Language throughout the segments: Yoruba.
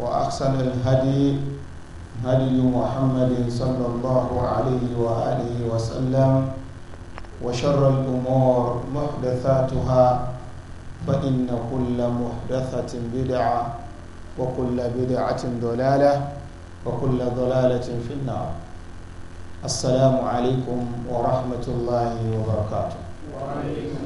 وأحسن الهدي هدي محمد صلى الله عليه وآله وسلم وشر الأمور محدثاتها فإن كل محدثة بدعة وكل بدعة ضلالة وكل ضلالة في النار السلام عليكم ورحمة الله وبركاته وعليكم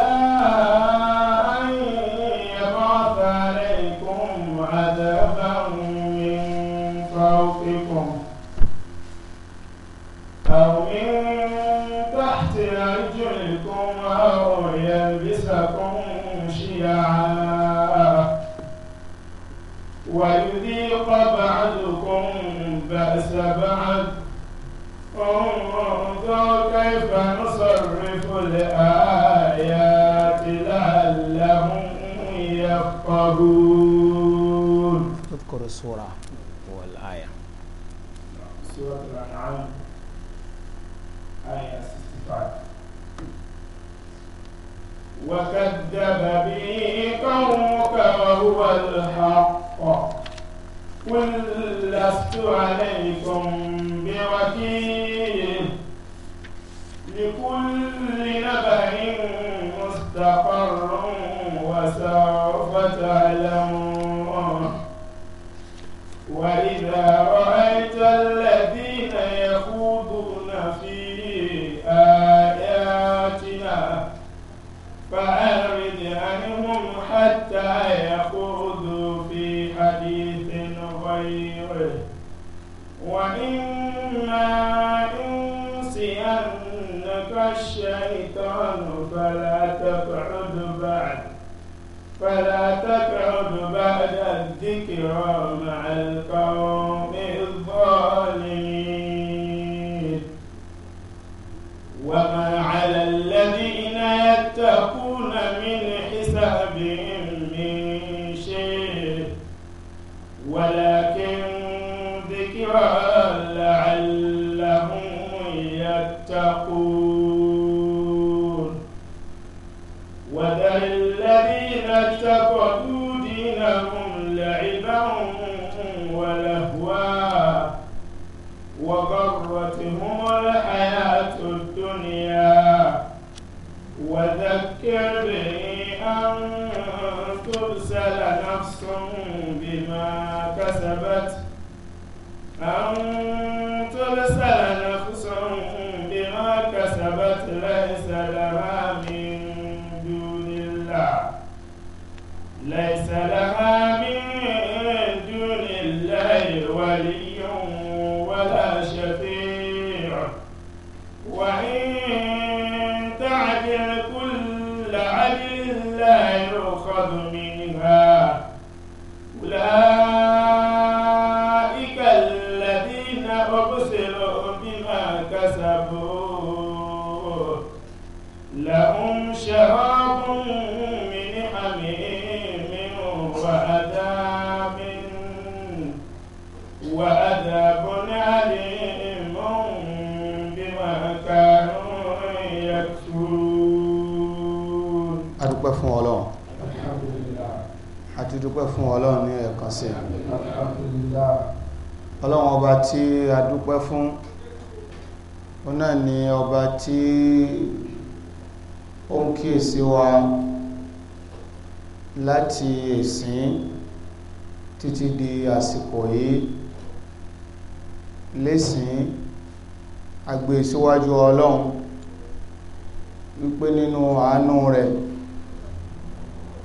ويذيق بعضكم بأس بعض انظر كيف نصرف الآيات لعلهم يفقهون تذكر السورة والآية سورة الأنعام آية 65 وكذب به قومك وهو الحق قل لست عليكم بوكيل لكل نبأ مستقر وسوف تعلمون وإذا رأيت الله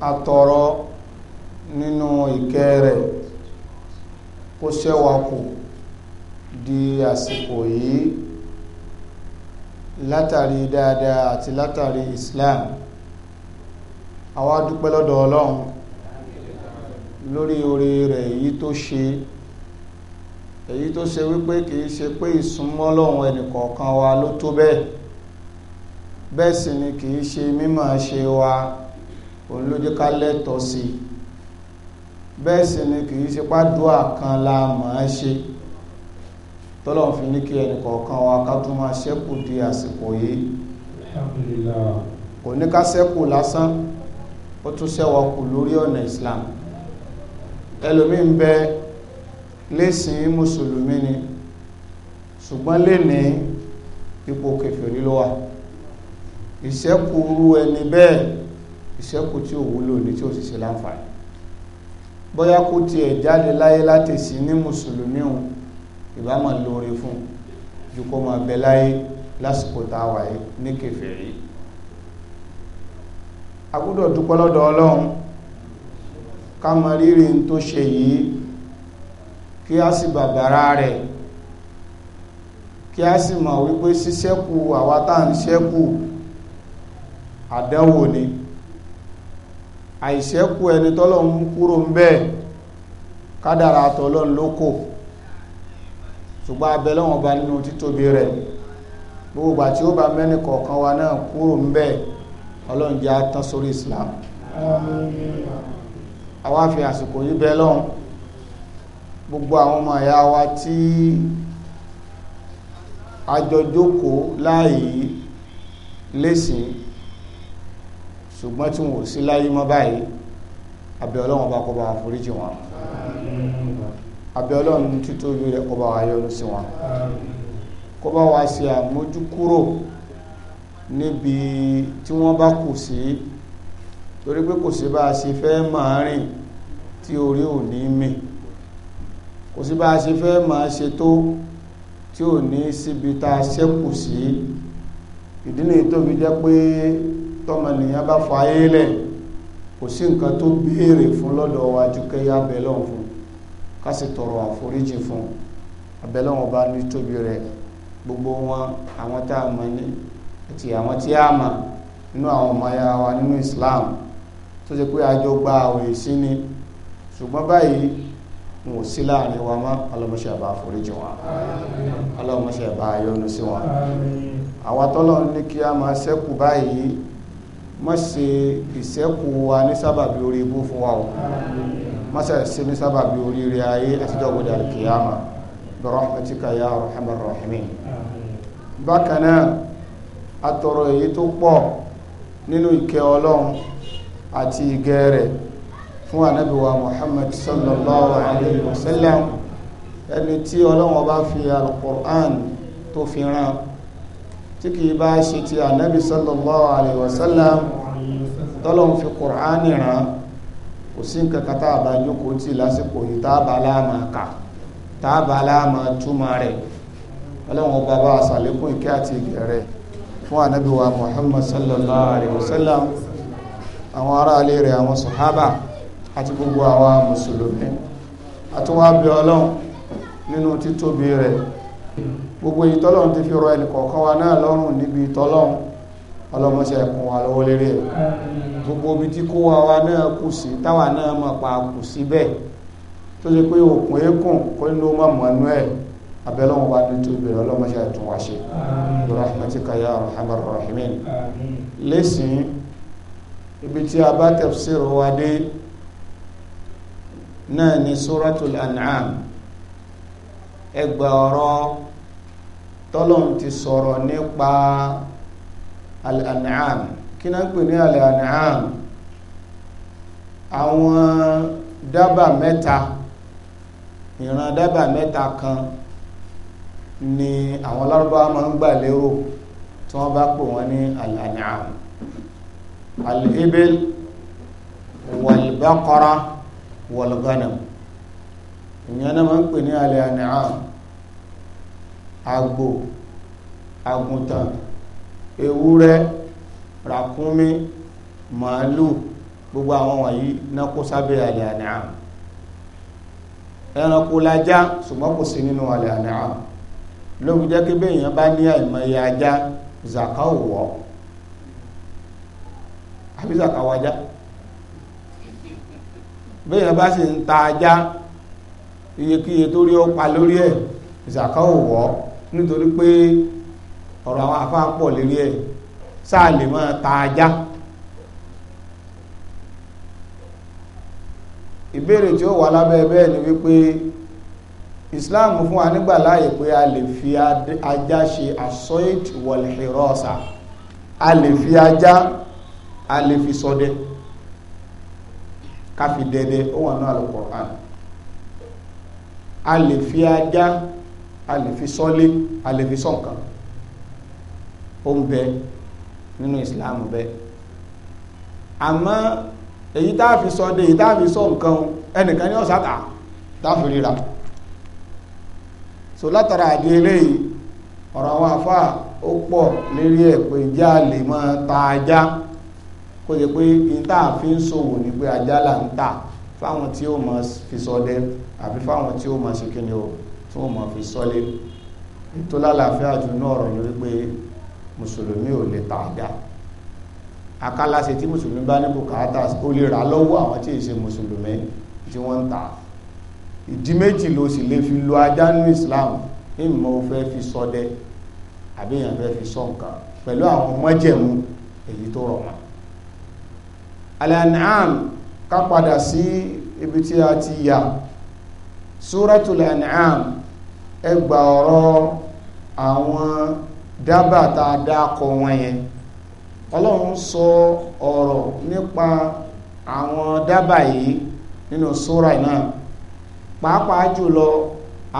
atọrọ nínú ìkẹ́ rẹ̀ kó ṣẹ́wà di àsìkò yìí látàrí dáadáa àti látàrí Islam àwa dúpẹ́ lọ́dọ̀ Ọlọ́run lórí oore rẹ̀ èyí tó ṣe èyí tó ṣe wípé kìí ṣe pé ìsúnmọ́ Ọlọ́run ẹnìkọ̀ọ̀kan wa ló tó bẹ́ẹ̀ bẹ́ẹ̀ sì ni kìí ṣe mímọ̀ ṣe wa. Bẹ́ẹ̀ òun ló jẹ́ ká lẹ́tọ̀ọ́ sí i bẹ́ẹ̀ sì ni kì í ṣe pàdúà kan la máa ṣe tọ́lọ́n fi ní kí ẹnìkọ̀ọ̀kan wa ká tún máa ṣẹ́kù di àsìkò yìí kò ní ká ṣẹ́kù lásán ó tún ṣẹ́wọ́ kù lórí ọ̀nà Islam ẹlòmí ń bẹ lẹ́sìn mùsùlùmí ni ṣùgbọ́n lè ní ipò kèfèrí ló wà ìṣẹ́kù rú ẹni bẹ́ẹ̀ ìṣẹ́kù tí ò wúlò ní tí ò sì ṣe láǹfààní bóyá kó tiẹ̀ jáde láyé láti sí ní mùsùlùmí òun ìbámu lóore fún ju kó máa bẹ láyé lásìkò tá a wà yìí ní kèfèrí a gbọ́dọ̀ dúpẹ́ lọ́dọ̀ ọlọ́run ká mọ rírì ń tó ṣe yìí kí a sì bàbàrà rẹ̀ kí a sì mọ̀ wípé ṣíṣẹ́kù àwa tá ń ṣẹ́kù àdánwò ni àìṣẹ́kù ẹni tọ́lọ́run mú kúrò ń bẹ́ẹ̀ kádàrà tọ́lọ́run ló kò ṣùgbọ́n abẹ́ lọ́wọ́n ba nínú títóbi rẹ̀ gbogbo ìgbà tí ó bá mẹ́ni kọ̀ọ̀kan wa náà kúrò ń bẹ́ẹ̀ ọlọ́run atán sórí Islam àwa àsìkò yí bẹ́ gbogbo àwọn ọmọ ìyá wa tí a jọ jókòó láàyè lẹ́sìn ṣùgbọ́n tí wọn ò sí láyé mọ́ báyìí abẹ́ ọlọ́run bá kó bá wa foríjì wọn abẹ́ ọlọ́run títóbi rẹ̀ kó bá wa yọ́nú sí wọn kó bá wa ṣe àmójúkúrò níbi tí wọ́n bá kù sí torí pé kò sí bá a ṣe fẹ́ máa rìn tí orí ò ní mì kò sí bá a ṣe fẹ́ máa ṣe tó tí ò ní síbi tá a ṣẹ́kù sí ìdí nìyí jẹ́ pé tọ́mọnìyàn bá fa ayé lẹ̀ kò sí nǹkan tó béèrè fún lọ́dọ̀ wa ju kẹ́yà bẹ́lọ́n fún ká sì tọrọ àforíjì fún ọba ní tóbi gbogbo wọn àwọn tá a mọ̀ ní àti àwọn tí a àwọn ọmọ ya wa nínú Islam tó ṣe pé àjọ gba àwẹ̀ sí ni ṣùgbọ́n báyìí wọn ò sí láàrin wa mọ́ àforíjì wọn sí wọn àwọn tọ́lọ́ ní kí a máa ṣẹ́kù má ṣe ìṣẹ́kù wa ní sábàbí orí ibú fún wa o má ṣe ṣe ní sábàbí orí rẹ ayé àtijọ́ gbọdọ̀ alkiyama bi rahmatika ya arhamar rahimin bákan náà atọrọ èyí tó pọ̀ nínú ìkẹ́ ọlọ́run àti ìgẹ́ rẹ̀ fún ànábìwà muhammad sallallahu alayhi wa sallam ẹni tí ọlọ́run bá fi alqur'an tó fi rán tí kìí bá ṣe ti ànábì sallallahu alayhi wa sallam tọ́lọ́run fi kùránì ràn kò sí nǹkan kan tá a bá jókòó tì lásìkò yìí tá a bá láàmà kà tá a bá láàmà túmọ̀ rẹ̀ ọlọ́run ọba bá aṣàlékún ìkẹ́ àti ìgẹ̀rẹ̀ fún ànábì wa muhammad sallallahu alayhi wa sallam àwọn aráalé rẹ̀ àwọn sàhábà àti gbogbo àwa mùsùlùmí àtúwábẹ̀ ọlọ́run nínú títóbi rẹ̀ gbogbo ìtọ́lọ́run ti fi rọ ẹnìkọ̀ọ̀kan wa náà lọ́rùn níbi ìtọ́lọ́run ọlọ́mọṣẹ́ ẹ̀kún wa lọ́wọ́ lérí ẹ̀ gbogbo ibi tí kó wa wa náà kù sí táwa náà mọ̀ pa kù sí bẹ́ẹ̀ tó ṣe pé òkun eékùn kó ló mọ̀ mọ́nú ẹ̀ abẹ́lọ́wọ́n bá dúdú ìbẹ̀rẹ̀ ọlọ́mọṣẹ́ ẹ̀tún wa ṣe rahmatika ya arhamar rahimin lẹ́sìn ibi tí a bá tafsir wa dé náà ni suratul an'am ẹgbà ọ̀rọ̀ tọ́lọ́n ti sọ̀rọ̀ nípa al-an'am kí náà ń pè ní al-an'am àwọn dábà mẹ́ta ìran dábà mẹ́ta kan ni àwọn lárúbáwá máa ń gbà lérò tí wọ́n bá pè wọ́n ní al-an'am al-ibil wal-baqara wal-ghanam ìyẹn náà máa ń pè ní al-an'am àgbò àgùntàn ewúrẹ́ ràkúnmí màálù gbogbo àwọn wọ̀nyí náà kó sábẹ́ àlẹ́ àná ẹranko lajá ṣùgbọ́n kò sí nínú àlẹ́ àná lóbi jẹ́ kí bẹ́ẹ̀yàn bá ní àìmọye ajá zaka ò wọ́ àbí zaka wájá bẹ́ẹ̀yàn bá sì ń ta ajá iyekíye tó rí ó lórí ẹ̀ zaka ò nítorí pé ọ̀rọ̀ àwọn afá pọ̀ lérí ẹ̀ sáà lè máa ta ajá ìbéèrè tí ó wà lábẹ́ bẹ́ẹ̀ ni wípé Islam fún wa nígbà láàyè pé a lè fi ajá ṣe asoit wọlẹ̀hìrọ́ọ̀sà a lè fi ajá a lè fi ṣọdẹ ká dẹdẹ ó wà náà al a lè fi ajá a lè fi ṣọ́lé a lè fi ṣọ́ ó ń bẹ nínú islam bẹ àmọ́ èyí tá a fi sọ de èyí tá a fi sọ nǹkan ẹnìkan ní ọ̀sátà tá a fi ríra so látara àdé eléyìí ọ̀rọ̀ àwọn afá ó pọ̀ lérí ẹ̀ pé ìjà lè máa ta ajá kó jẹ pé ìta àfi ń ṣòwò ní pé ajá là ń tà fáwọn tí ó máa fi ṣọdẹ àbí fáwọn tí ó máa ṣe kíni o tí ó máa fi ṣọlé ètò lálàáfíà jù náà ọ̀rọ̀ ni wípé mùsùlùmí ò lè tààdá akálàṣe tí mùsùlùmí bá ní bùkátà ó lè rà lọ́wọ́ àwọn tí ìṣe mùsùlùmí tí wọ́n ń tà ìdí méjì ló sì lè fi lo ajá ní Islam ìmọ̀ ó fẹ́ fi ṣọdẹ àbí èèyàn fẹ́ fi ṣọ́ nǹkan pẹ̀lú àwọn mọ́jẹ̀mú èyí tó rọ̀ mọ́ al ká padà sí ibi tí a ti yà Suratul An'am ẹgbà ọ̀rọ̀ àwọn dábàá tá a dákọ wọn yẹn ọlọ́run sọ ọ̀rọ̀ nípa àwọn dabaye yìí nínú sóra náà pàápàá jùlọ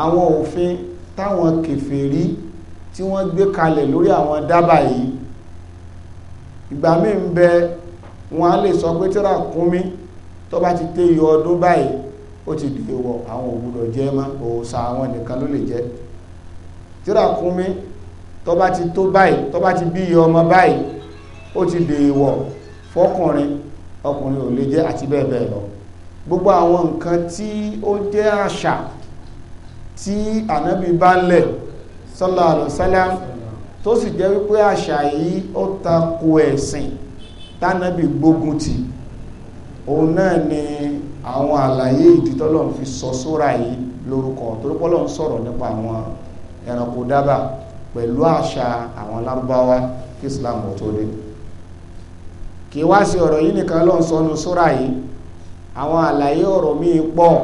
àwọn òfin táwọn kèfèrí tí wọ́n gbé kalẹ̀ lórí àwọn dábàá yìí ìgbà míì ń bẹ wọn á lè sọ pé tíra kúnmí tó bá ti té ọdún báyìí ó ti dìde wọ àwọn òwúrọ̀ jẹ́ mọ́ òòsà àwọn nìkan ló lè jẹ́ tíra kúnmí tó bá ti tó báyìí tó bá ti bí ọmọ báyìí ó ti dèèwọ̀ fọkùnrin ọkùnrin ò lè jẹ́ àti bẹ́ẹ̀ bẹ́ẹ̀ lọ gbogbo àwọn nǹkan tí ó jẹ́ àṣà tí ànábì bá lẹ̀ sallallahu alaihi wasallam tó sì jẹ́ wípé àṣà yìí ó tako ẹ̀sìn tánàbì gbógun ti òun náà ni àwọn àlàyé ìdítọ́lọ̀ fi sọ sóra yìí lórúkọ torípọ́lọ̀ sọ̀rọ̀ nípa àwọn ẹranko dábàá pẹ̀lú àṣà àwọn lárúbáwá kí islam ò tó dé kì í wá sí ọ̀rọ̀ yìí nìkan ló ń sọnu súrà yìí àwọn àlàyé ọ̀rọ̀ míì pọ̀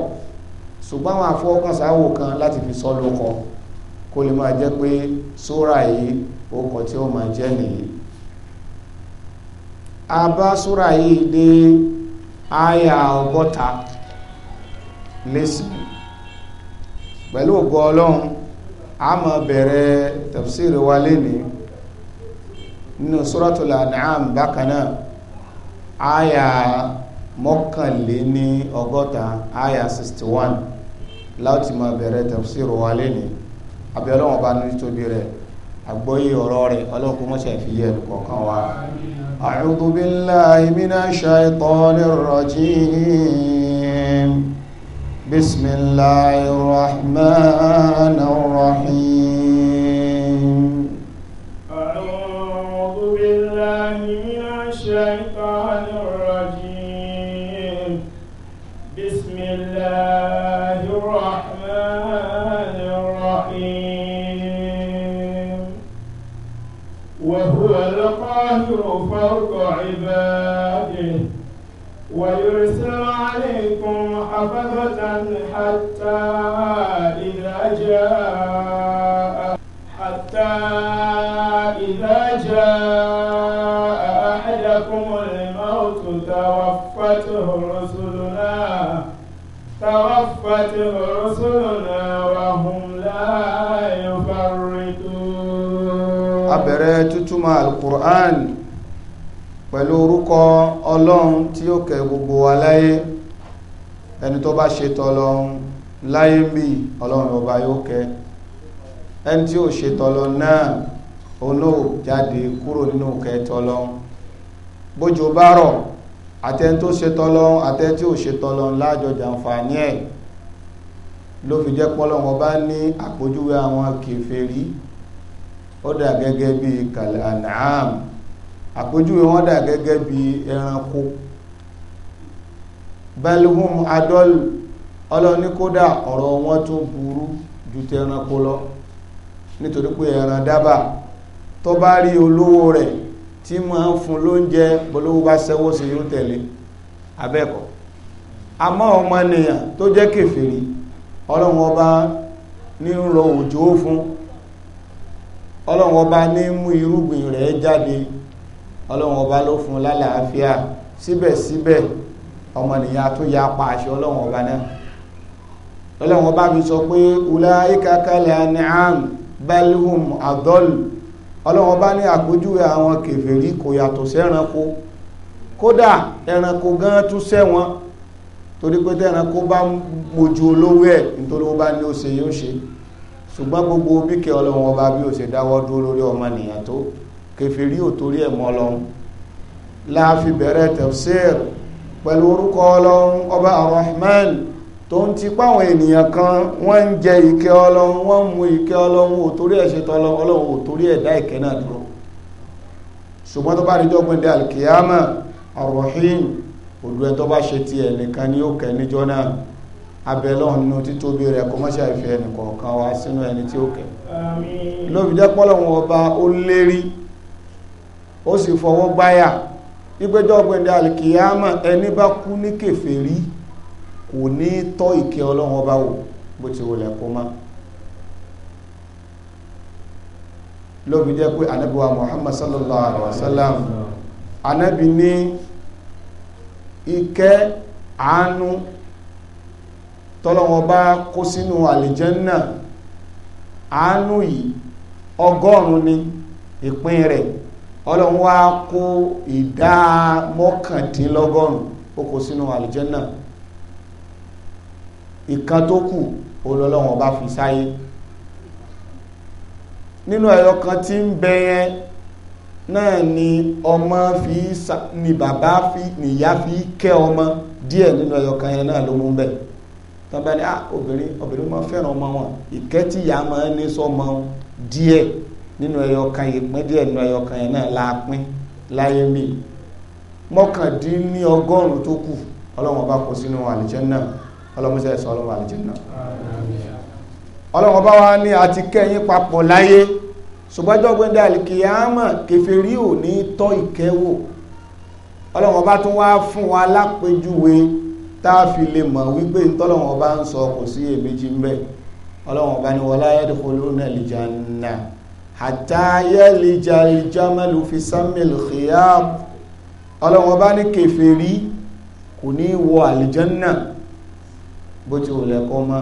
ṣùgbọ́n àwọn afọwọ́kànsáwò kan láti fi sọ ló kọ kó lè máa jẹ́ pé súrà yìí ó kọ tí ó máa jẹ́ nìyí a bá yìí dé àyà ọgọ́ta lẹ́sìn pẹ̀lú ògo ọlọ́run a máa bẹ̀rẹ̀ tafsir wa lẹ́ni nínú suratul an'am bákan náà àyà mọ́kànléní ọgọ́ta àyà 61 láti máa bẹ̀rẹ̀ tafsir wa lẹ́ni abẹ́rẹ́ wọn bá ní tóbi rẹ̀ àgbóyé ọ̀rọ̀ rẹ̀ ọlọ́run kó mọ́ṣẹ́ fi yẹ kọ̀ọ̀kan wa a'udhu billahi minash shaitanir rajim بسم الله الرحمن الرحيم أعوذ بالله من الشيطان الرجيم بسم الله الرحمن الرحيم وهو القاهر فوق عباده ويرسل عليكم فتحا حتى إذا جاء حتى إذا جاء أحدكم الموت توفته رسلنا توفته رسلنا وهم لا يفرطون أبرة تتمى القرآن pẹ̀lú orúkọ ọlọ́run tí ó kẹ́ gbogbo aláyé ẹni tó bá ṣe tọlọ́run láyé ń bí ọlọ́run ọba yóò kẹ ẹni tí ò ṣe tọlọ náà olóò jáde kúrò nínú kẹ tọlọ́run bójú bá rọ̀ àtẹni tó ṣe tọlọ́run àtẹni tí ò ṣe tọlọ́run lájọ jàǹfààní ẹ̀ ló fi jẹ́ pọ́lọ́run ọba ní àpójúwe àwọn kèfèrí ó dà gẹ́gẹ́ bíi kàlẹ́ ànáàm àpójúwe wọn dà gẹ́gẹ́ bíi ẹranko balhum adol ọlọ́ni kódà ọ̀rọ̀ wọn tó burú ju tẹranko lọ nítorí pé ẹran dábà tó bá rí olówó rẹ̀ tí máa ń fún lóúnjẹ bolówó bá sẹ́wó sí yóò tẹ̀lé abẹ́ẹ̀kọ́ àmọ́ ọmọ ènìyàn tó jẹ́ kèfèrí ọlọ́run ọba ní ń rọ òjò fún ọlọ́run ọba ní mú irúgbìn rẹ̀ jáde ọlọ́run ọba ló fún lálàáfíà síbẹ̀síbẹ̀ ọmọnìyàn tó ya pa àṣẹ ọlọ́run ọba náà ọlọ́run ọba mi sọ pé ulaika kal'an'am bal hum adall ọlọ́run ọba ní àpèjúwe àwọn kèfèrí kò yàtọ̀ sí ẹranko kódà ẹranko gan tún sẹ́wọ̀n torí pé tẹ́ranko bá mojú olówó ẹ̀ nítorí ó bá ní ó ṣe yóò ṣe ṣùgbọ́n gbogbo bíkẹ́ ọlọ́run ọba bí ó ṣe dáwọ́ dúró lórí ọmọnìyàn tó kèfèrí ò torí ẹ̀ mọ́ ọlọ́run láàfi bẹ̀rẹ̀ tafsir pẹ̀lú orúkọ ọlọ́run ọba arahman tó ń ti páwọn ènìyàn kan wọ́n ń jẹ ìkẹ́ ọlọ́run wọ́n mú ìkẹ́ ọlọ́run ò torí ọlọ́run ò torí ìkẹ́ náà dúró ṣùgbọ́n tó bá rí jọ́gbọ́n dé alkiyama arahim olú ẹ̀ tó bá ṣe ti ẹ̀ nìkan ní òkè níjọ́ náà abẹ́lọ́run nínú títóbi rẹ̀ kó mọ́ṣẹ́ ìfẹ́ ẹnìkọ̀ọ̀kan wá sínú ẹni tí ó kẹ́ lóbi jẹ́ pọ́lọ́run ọba ó lérí ó sì fọwọ́ gbáyà ìgbẹ́jọ́ ọgbẹ̀ndẹ̀ alìkìyàmà ẹni bá kú ní kèfèrí kò ní tọ́ ìkẹ́ ọlọ́run ọba wò bó ti wọlé kó má lóbi jẹ́ pé ànábì Muhammad sallallahu alaihi wasallam ànábì ní ìkẹ́ àánú tọ́lọ́run ọba kó sínú àlìjẹ́nnà àánú yìí ọgọ́rùn-ún ni ìpín rẹ̀ ọlọ́run wá kó ìdá mọ́kàndínlọ́gọ́rùn ó kó sínú àlùjànnà ìkan tó kù olọ́lọ́run ọba fi sáyé nínú ẹ̀yọ kan tí ń bẹ yẹn náà ni ọmọ fi ni bàbá fi nìyá fi kẹ́ ọmọ díẹ̀ nínú ẹ̀yọ kan yẹn náà ló mú bẹ́ẹ̀ tọ́ba ni ah obìnrin obìnrin máa fẹ́ràn ọmọ wọn ìkẹ́ tíyà máa ní sọ́mọ díẹ̀ nínú ẹyọ kan ìpín díẹ̀ nínú ẹyọ kan yẹn náà la pín láyé mi mọ́kàndínlọ́gọ́rùn-ún tó kù ọlọ́wọ́n bá kó sínú àlìjẹ́nnà ọlọ́mọṣẹ́ ẹ̀sọ́ ọlọ́wọ́n àlìjẹ́nnà ọlọ́wọ́n bá wá ní àti kẹ́yìn papọ̀ láyé ṣùgbọ́jọ́ gbẹ́ndà kìyàmà kèfèrí ò ní tọ́ ìkẹ́wò ọlọ́wọ́n bá tún wá fún wa lápèjúwe tá a fi lè mọ̀ wípé ntọ́lọ́wọ́n bá ń sọ kò sí èméjì ń bẹ ọlọ́wọ́n bá ní wọlá yadkhuluna al-janna hatta yalija aljamalu fi sammil khiyam ọlọ́wọ́n bá ní kèfèrí kò ní wọ àlìjánà bó ti wùlẹ̀ kọ́ mọ́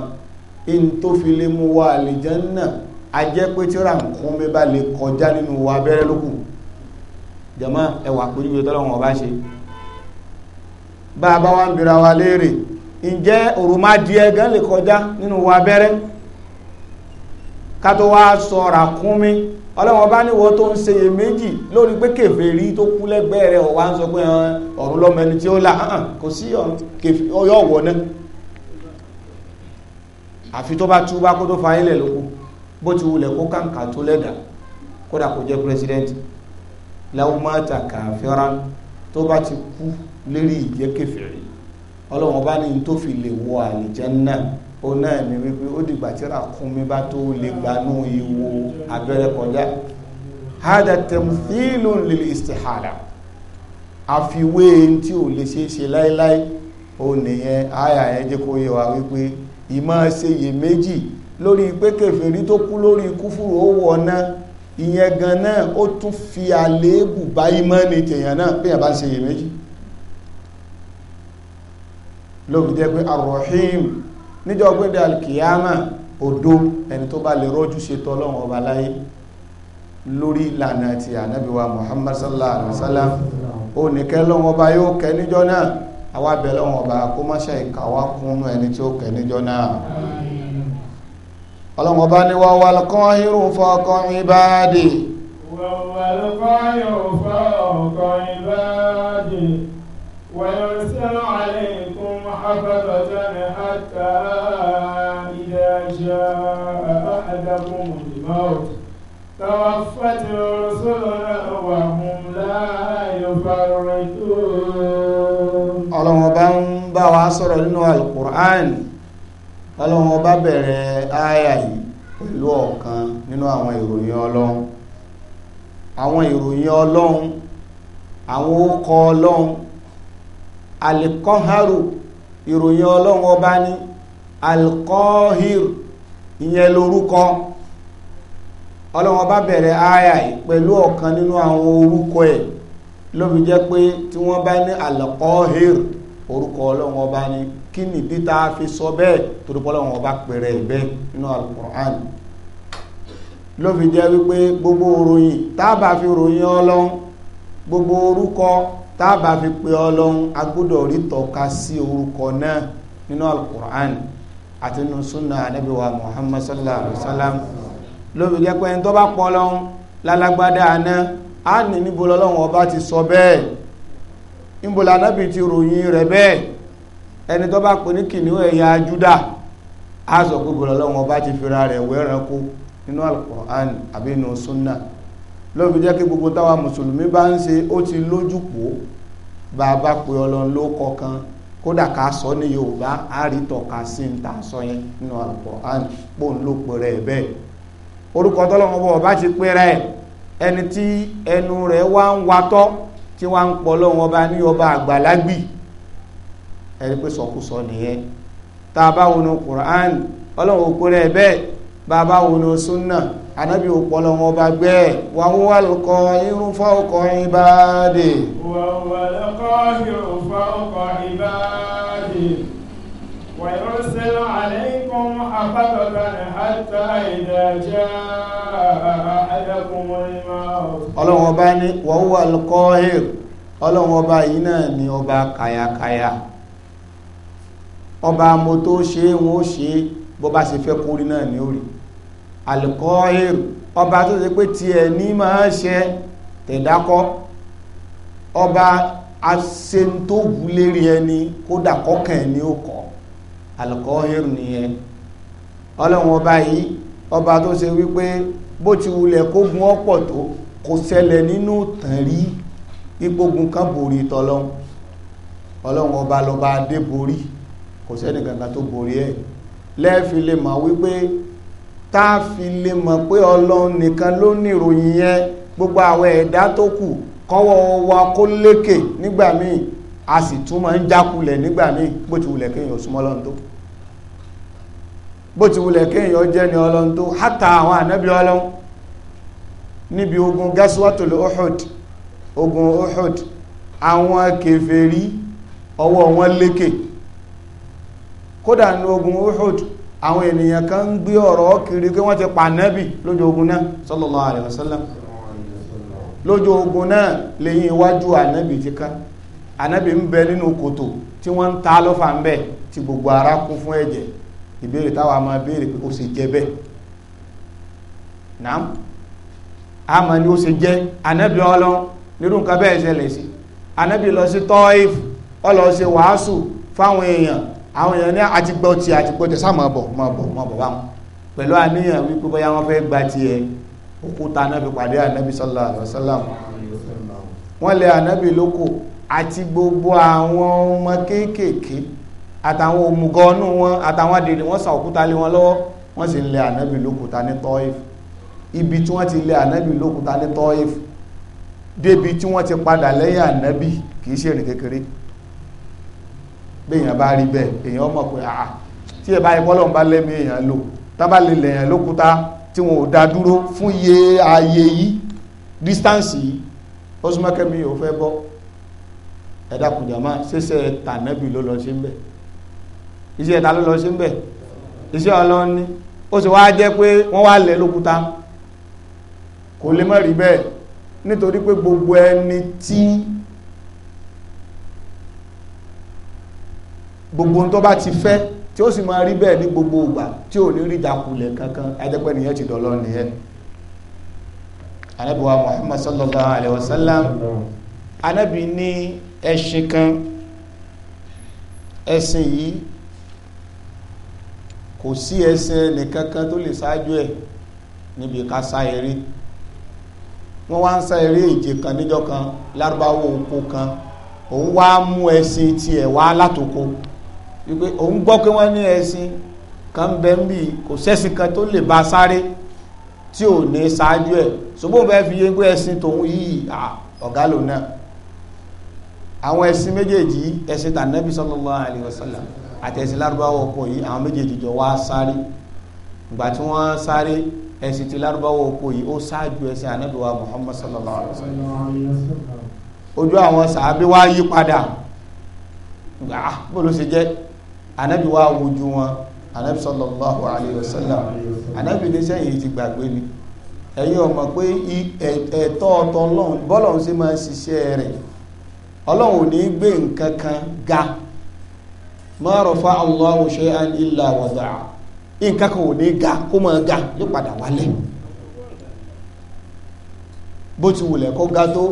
in tó fi lè mú wọ àlìjánà a jẹ́ pé tí ó rà nǹkan mẹ́ bá lè kọjá nínú wa abẹ́rẹ́ lókù jama ẹwà pẹ̀lú tọ́lọ́wọ́n bá ṣe bá a bá wá ń bira wa léèrè ǹjẹ́ òrùmá díẹ̀ gan lè kọjá nínú wa abẹ́rẹ́ ká tó wá sọ ràkúnmí ọlọ́wọ́n bá níwọ́ tó ń ṣe méjì lórí pé kèfèrí tó kú lẹ́gbẹ̀ẹ́ rẹ̀ ọ̀wá ń sọ pé ọ̀run lọ́mọ ẹni tí ó là hàn kò sí ọyọ́ ọ̀wọ́ náà àfi tó bá túbá kó tó fa ilẹ̀ lóko bó ti wulẹ̀ kó kàǹkà tó lẹ́dà kódà kó jẹ́ pírẹsidẹ́ntì láwùmọ́ta kàfẹ́ra tó bá ti kú lérí ìjẹ́ kèfèrí ọlọ́wọ́n bá ní tó fi lè wọ àlìjánnà náà ó náà ní wípé ó dìgbà tí ràkúnmí bá tó lè gbanú ìwo abẹ́rẹ́ kọjá hada temthilun lil istihala àfiwé tí ò lè ṣe ṣe láíláí ó nìyẹn àyà yẹn jẹ́ kó yé wa wípé ìmọ̀ ṣeyè méjì lórí pé kèfèrí tó kú lórí kúfùrù ó wọ̀ náà ìyẹn gan náà ó tún fi àléébù bá ìmọ̀ ní tèèyàn náà pé àbá ń ṣeyè méjì níjọ́ gbẹ́dẹ̀ alkiyama odo ẹni tó bá lè rọ́jú ṣe tọ́lọ́wọ́n ọba láyé lórí ìlànà àti ànábíwa Muhammad sallallahu alaihi wasallam ó nìkẹ́ lọ́wọ́n ọba yóò kẹ́ níjọ́ náà àwa bẹ̀ lọ́wọ́n ọba kó má ṣe ìkàwá kúnnú ẹni tí محببة حتى إذا جاء أحدهم الموت توفت رسلنا وهم لا يفرطون ọlọ́run ọba ń bá wa sọ̀rọ̀ nínú alukur'an ọlọ́run ọba bẹ̀rẹ̀ àyà yìí pẹ̀lú ọ̀kan nínú àwọn ìròyìn ọlọ́run àwọn ìròyìn ọlọ́run àwọn ó kọ ọlọ́run alikọ́hárù ìròyìn ọlọ́run ọba ní alkohir ìyẹn lórúkọ ọlọ́run ọba bẹ̀rẹ̀ aya yìí pẹ̀lú ọ̀kan nínú àwọn orúkọ ẹ̀ ló fi jẹ́ pé tí wọ́n bá ní alkohir orúkọ ọlọ́run ọba ní kí nìdí tá a fi sọ bẹ́ẹ̀ torí pọ́lọ́run ọba pèrè ẹ̀ bẹ́ẹ̀ nínú alukur'an ló fi jẹ́ wípé gbogbo ìròyìn tá fi ròyìn ọlọ́run gbogbo orúkọ tábà fi pé ọlọ́run agbọ́dọ̀ rí tọ́ka sí orúkọ náà nínú alukur'an àti nínú sunna anabi muhammad sallallahu alaihi wa sallam lóbi jẹ́ pé ẹni tó bá pọ̀ ọlọ́run lálágbádá àná á ní níbo lọ́lọ́run ọba ti sọ bẹ́ẹ̀ níbo lànàbì ti ròyìn rẹ̀ bẹ́ẹ̀ ẹni tó bá pè ní kìnìún ẹ̀yà júdà á sọ pé bọ́lọ́lọ́run ọba ti fira rẹ̀ wẹ́ranko nínú alukur'an àbí nínú sunna ló fi jẹ́ kí gbogbo táwa mùsùlùmí bá ń ṣe ó ti lójú pò bàbá pé ọlọ́run ló kọkan kódà ká sọ ní yorùbá àrítọ́ka sí ń ta sọ yẹn nínú àpò àpò ńlò pé rẹ̀ bẹ́ẹ̀ orúkọ tọ́lọ́wọ́ bọ̀ bá ti pé ẹni tí ẹnu rẹ̀ wá ń watọ́ tí wá ń pọ̀ lọ́wọ́ bá ní ọba àgbàlagbì ẹni pé sọkúsọ nìyẹn tá a bá wọnú Qur'an ọlọ́run ò pé rẹ̀ bẹ́ẹ̀ bá wọnú súnà anabi ọpọlọ wọn bá gbẹ wà ń wà lọkọ irun fọ ọkọ ìbáàdì. wà ń wà lọkọ irun fọ ọkọ ìbáàdì. wà yóò sẹ́lọ̀ àlẹ́kùn abábọ̀kan àtà ìdájá àdàkùnrin máa. ọlọ́run ọba ní wà ń wà lọkọ ir ọlọ́run ọba yìí náà ni ọba kàyàkàyà ọba mo tó ṣe wọn ó ṣe ni ó alqahir ọba tó ṣe pé tiẹ̀ ní máa ṣe tẹ̀dákọ́ ọba asentowu lérí ẹni kódà kọ́kàn ẹni ó kọ́ alqahir nìyẹn ọlọ́run ọba yìí ọba tó ṣe wípé bó ti wulẹ̀ kógun ọ̀pọ̀ tó kò ṣẹlẹ̀ nínú tàn rí ipógun kan borí tọlọ́run ọlọ́run ọba lọba adé borí kò sẹ́nìkankan tó borí ẹ̀ lẹ́ẹ̀fi lè mọ̀ wípé ta a fi le mọ̀ pé ọlọ́run nìkan ló ní ìròyìn yẹn gbogbo àwọn ẹ̀dá tó kù kọ́wọ́ wa kó lékè nígbà míì a sì tún máa ń jákulẹ̀ nígbà míì bó ti wulẹ̀ kéèyàn súnmọ́ ọlọ́run tó bó ti wulẹ̀ ni ọlọ́run tó hátà àwọn ànábì ọlọ́run ogun ogun àwọn ọwọ́ àwọn ènìyàn kan ń gbé ọ̀rọ̀ kiri pé wọ́n ti pa nẹ́bì lójú ogun náà sallallahu alaihi wasallam lójú ogun náà lẹ́yìn iwájú ànẹ́bì ti ká ànẹ́bì ń bẹ nínú kòtò tí wọ́n ń ta lọ́fà ń bẹ̀ ti gbogbo ara kún fún ẹ̀jẹ̀ ìbéèrè táwa máa béèrè pé ó sì jẹ́ àwọn èèyàn ní àti gbọ́ ti àti gbọ́ ti sáàmọ̀ bọ̀ mọ̀ bọ̀ mọ̀ bọ̀ báwọn pẹ̀lú àníyàn wípé bóyá wọ́n fẹ́ gba tiẹ̀ òkúta náà fi pàdé ànábì sallallahu alaihi wasallam wọ́n lé ànábì lóko àti gbogbo àwọn ọmọ kéékèèké àtàwọn òmùgọ́nù wọn àtàwọn adèrè wọ́n sàn òkúta lé wọn lọ́wọ́ wọ́n sì ń lé ànábì lókúta ní Taif ibi tí wọ́n ti lé ànábì lókúta ní Taif débi tí wọ́n ti padà lẹ́yìn ànábì kìí ṣe èrè kékeré béèyàn bá rí bẹ́ẹ̀ èèyàn mọ̀ pé àà tí ẹ bá yẹ bọ́lọ̀ ń bá lẹ́mí èèyàn lò tá bá lè lẹ̀yàn lókúta tí wọn ò dá dúró fún iye ààyè yìí distance yìí ó súnmọ́ kẹ́mi ò fẹ́ bọ́ ẹ dákun jàmá ṣẹṣẹ tànẹ́bì ló lọ sí ń bẹ̀ iṣẹ́ ẹ̀ta ló lọ sí ń bẹ̀ iṣẹ́ ọlọ́run ni ó sì wá jẹ́ pé wọ́n wá lẹ̀ lókúta kò lè má rí bẹ́ẹ̀ nítorí pé gbogbo ẹni tí gbogbo tó bá ti fẹ́ tí ó sì máa rí bẹ́ẹ̀ ní gbogbo ìgbà tí ò ní rí ìjákulẹ̀ kankan ajẹ́pẹ́ nìyẹn ti dọ̀lọ́ nìyẹn anabi wa muhammad sallallahu alaihi wasallam anabi ní ẹṣin kan ẹṣin yìí kò sí ẹṣin ẹnìkankan tó lè ṣáájú ẹ̀ níbi ká sá eré wọ́n wá ń sá eré ìje kan níjọ́ kan lárúbáwò oko kan òun wá mú ẹṣin tiẹ̀ wá látòkò wípé òun gbọ́ pé wọ́n ní ẹ̀sìn kan bẹ́ẹ̀ ń bì kò sẹ́sìn kan tó lè bá sáré tí ò ní ṣáájú ẹ̀ ṣùgbọ́n bẹ́ẹ̀ fi yé pé ẹ̀sìn tòun yìí ọ̀gá lòun náà àwọn ẹ̀sìn méjèèjì ẹ̀sìn tànàbí sallallahu alaihi wasallam àtẹ̀sìn lárúbáwá oko yìí àwọn méjèèjì jọ wá sáré ìgbà tí wọ́n sáré ẹ̀sìn ti lárúbáwá oko yìí ó ṣáájú ẹ̀sìn ànábìwá Muhammad sallallahu alaihi wasallam ojú àwọn sàábí wá yí padà bó ló ṣe jẹ́ anabi wa wojú wọn anabi sallallahu alayhi wa sallam anabi ní sẹ́yìn ti gbàgbé ni ẹ̀yin ọmọ pé ẹ̀tọ́ ọ̀tọ̀ ọlọ́run bọ́lọ́run ṣe máa ṣiṣẹ́ rẹ̀ ọlọ́run ò ní gbé nǹkan kan ga ma rafa Allahu shay'an illa wada'a nǹkan kan ò ní ga kó máa ga yóò padà bó ti ga tó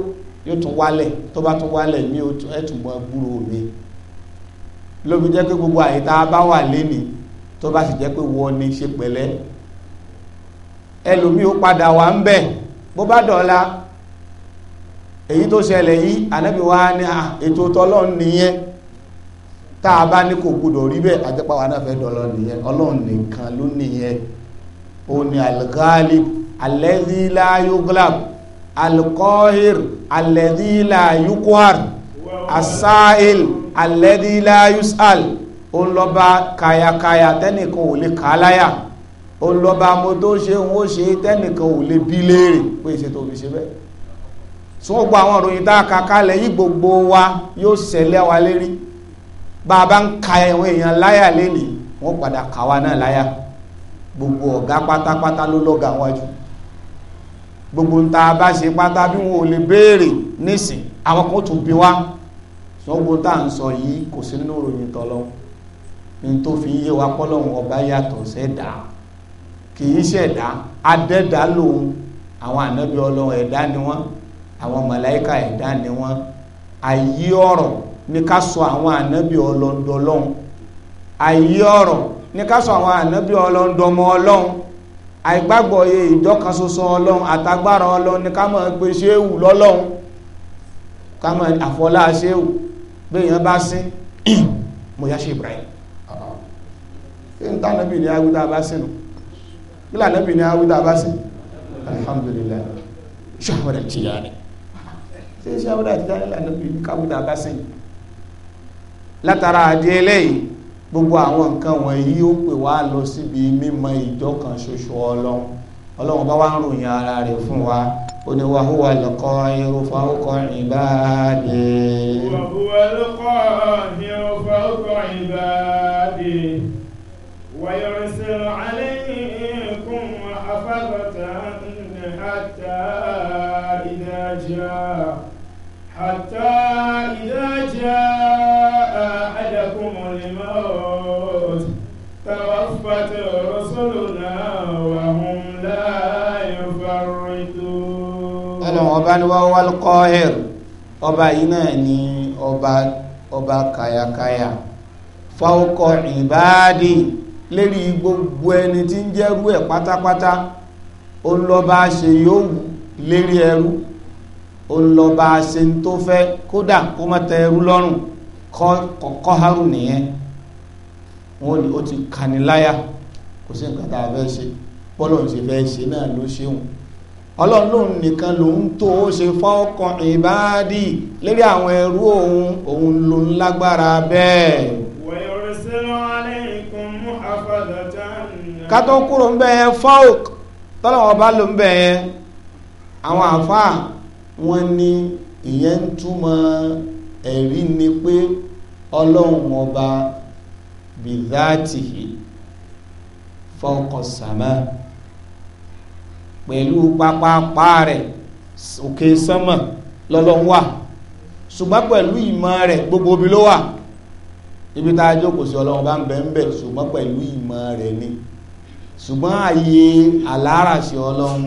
yóò tún tó bá tún mi tún gbúrò ló fi jẹ́ pé gbogbo àyíká bá wà lénìí tó bá sì jẹ́ pé wọ́n ní ṣe pẹ̀lẹ́ ẹlòmí ó padà wà ń bẹ̀ bó bá dọ̀la èyí tó ṣẹlẹ̀ yìí ànábì wa ní ètò tọlọ́run nìyẹn tá a bá ní kò gbọdọ̀ rí bẹ́ẹ̀ àtẹ́pàwà náà fẹ́ dọ̀lọ́ nìyẹn ọlọ́run nìkan ló nìyẹn ó ní alghalib alladhi la yughlab alqahir alladhi la alladhi la yus'al òun lọ́ba kàyàkàyà tẹ́nìkan ò lè kà á láyà òun lọ́ba mo tó ṣe òun ó ṣe tẹ́nìkan ò lè bí léèrè pé ṣe tó fi ṣe bẹ́ẹ̀ tí wọ́n gbọ́ àwọn ìròyìn tá a kà kalẹ̀ yìí gbogbo wa yóò ṣẹlẹ̀ wa lérí bá a bá ń ka àwọn èèyàn láyà lénìí wọ́n padà kà wá náà láyà gbogbo ọ̀gá pátápátá ló lọ́gàá wájú gbogbo ń ta bá ṣe pátá bí wọn ò lè béèrè nísìn àwọn kan tún bí wá sọ́gbó tá à ń sọ yìí kò sí nínú ròyìn tọ́lọ́ ní tó fi yé wa pọ́lọ́hún ọba yàtọ̀ sẹ́dá kì í ṣẹ̀dá adẹ́dá lòun àwọn ànábì ọlọ́run ẹ̀dá ni wọ́n àwọn màláíkà ẹ̀dá ni wọ́n àyí ọ̀rọ̀ ní ká sọ àwọn ànábì ọlọ́dọọlọ́run àyí ọ̀rọ̀ ní ká sọ àwọn ànábì ọlọ́dọọmọ ọlọ́run àìgbàgbọ́ iye ìjọkan ọlọ́run àtagbára ọlọ́run ní ká máa pe ṣéwù lọ́lọ́run ká máa àfọlá ṣéwù bí èèyàn bá sín mo yá ṣe Ibrahim kí n ta nàbì ní awúdá bá sín nu bí ní awúdá bá sín alhamdulillah ṣàwọ́dà tìyà rẹ̀ ṣe ṣàwọ́dà tìyà rẹ̀ lànàbì ní káwúdá bá sín látara àdìẹ lẹ́yìn gbogbo àwọn nǹkan wọ̀nyí ó pè wá lọ síbi mímọ̀ ìjọ kan ṣoṣo Ọlọ́run Ọlọ́run bá wá ń ròyìn ara rẹ̀ fún wa. قل وهو القاهر فوق عباده وهو القاهر فوق عباده ويرسل عليكم حفظة حتى إذا جاء حتى إذا جاء أحدكم الموت توفت رسلنا وعلى ọlọ́run ọba ní wá wá kọ́hẹ́r ọba yìí náà ní ọba ọba kàyàkàyà fáwọkọ̀ ìbáàdì lérí gbogbo ẹni tí ń jẹ́rú ẹ̀ pátápátá ó ń lọ ṣe yóò wù lérí ẹrú ó ń lọ ṣe ń tó fẹ́ kódà kó má tẹ ẹrú lọ́rùn kọ́hárù nìyẹn ni ó ti kò sí nǹkan tá a fẹ́ ọlọ́run lòun nìkan lòun tó ó ṣe fọ́ọ̀kan ìbáàdì lérí àwọn ẹrú òun òun lòun lágbára bẹ́ẹ̀ ká tó kúrò ń bẹ́ẹ̀ fọ́ọ̀k tọ́lọ́wọ́ bá ló ń bẹ́ẹ̀ àwọn àfáà wọ́n ní ìyẹn ń túmọ̀ ẹ̀rí ni pé ọlọ́run ọba bìdáàtì fọ́ọ̀kan sàmáà pẹ̀lú pápápá rẹ̀ òkè sánmà lọ́lọ́n wà ṣùgbọ́n pẹ̀lú ìmọ̀ rẹ̀ gbogbo ibi ló wà ibi tá a jókòó sí ọlọ́run bá ń bẹ̀ ń bẹ̀ ṣùgbọ́n pẹ̀lú ìmọ̀ rẹ̀ ni ṣùgbọ́n ààyè àláràṣẹ ọlọ́run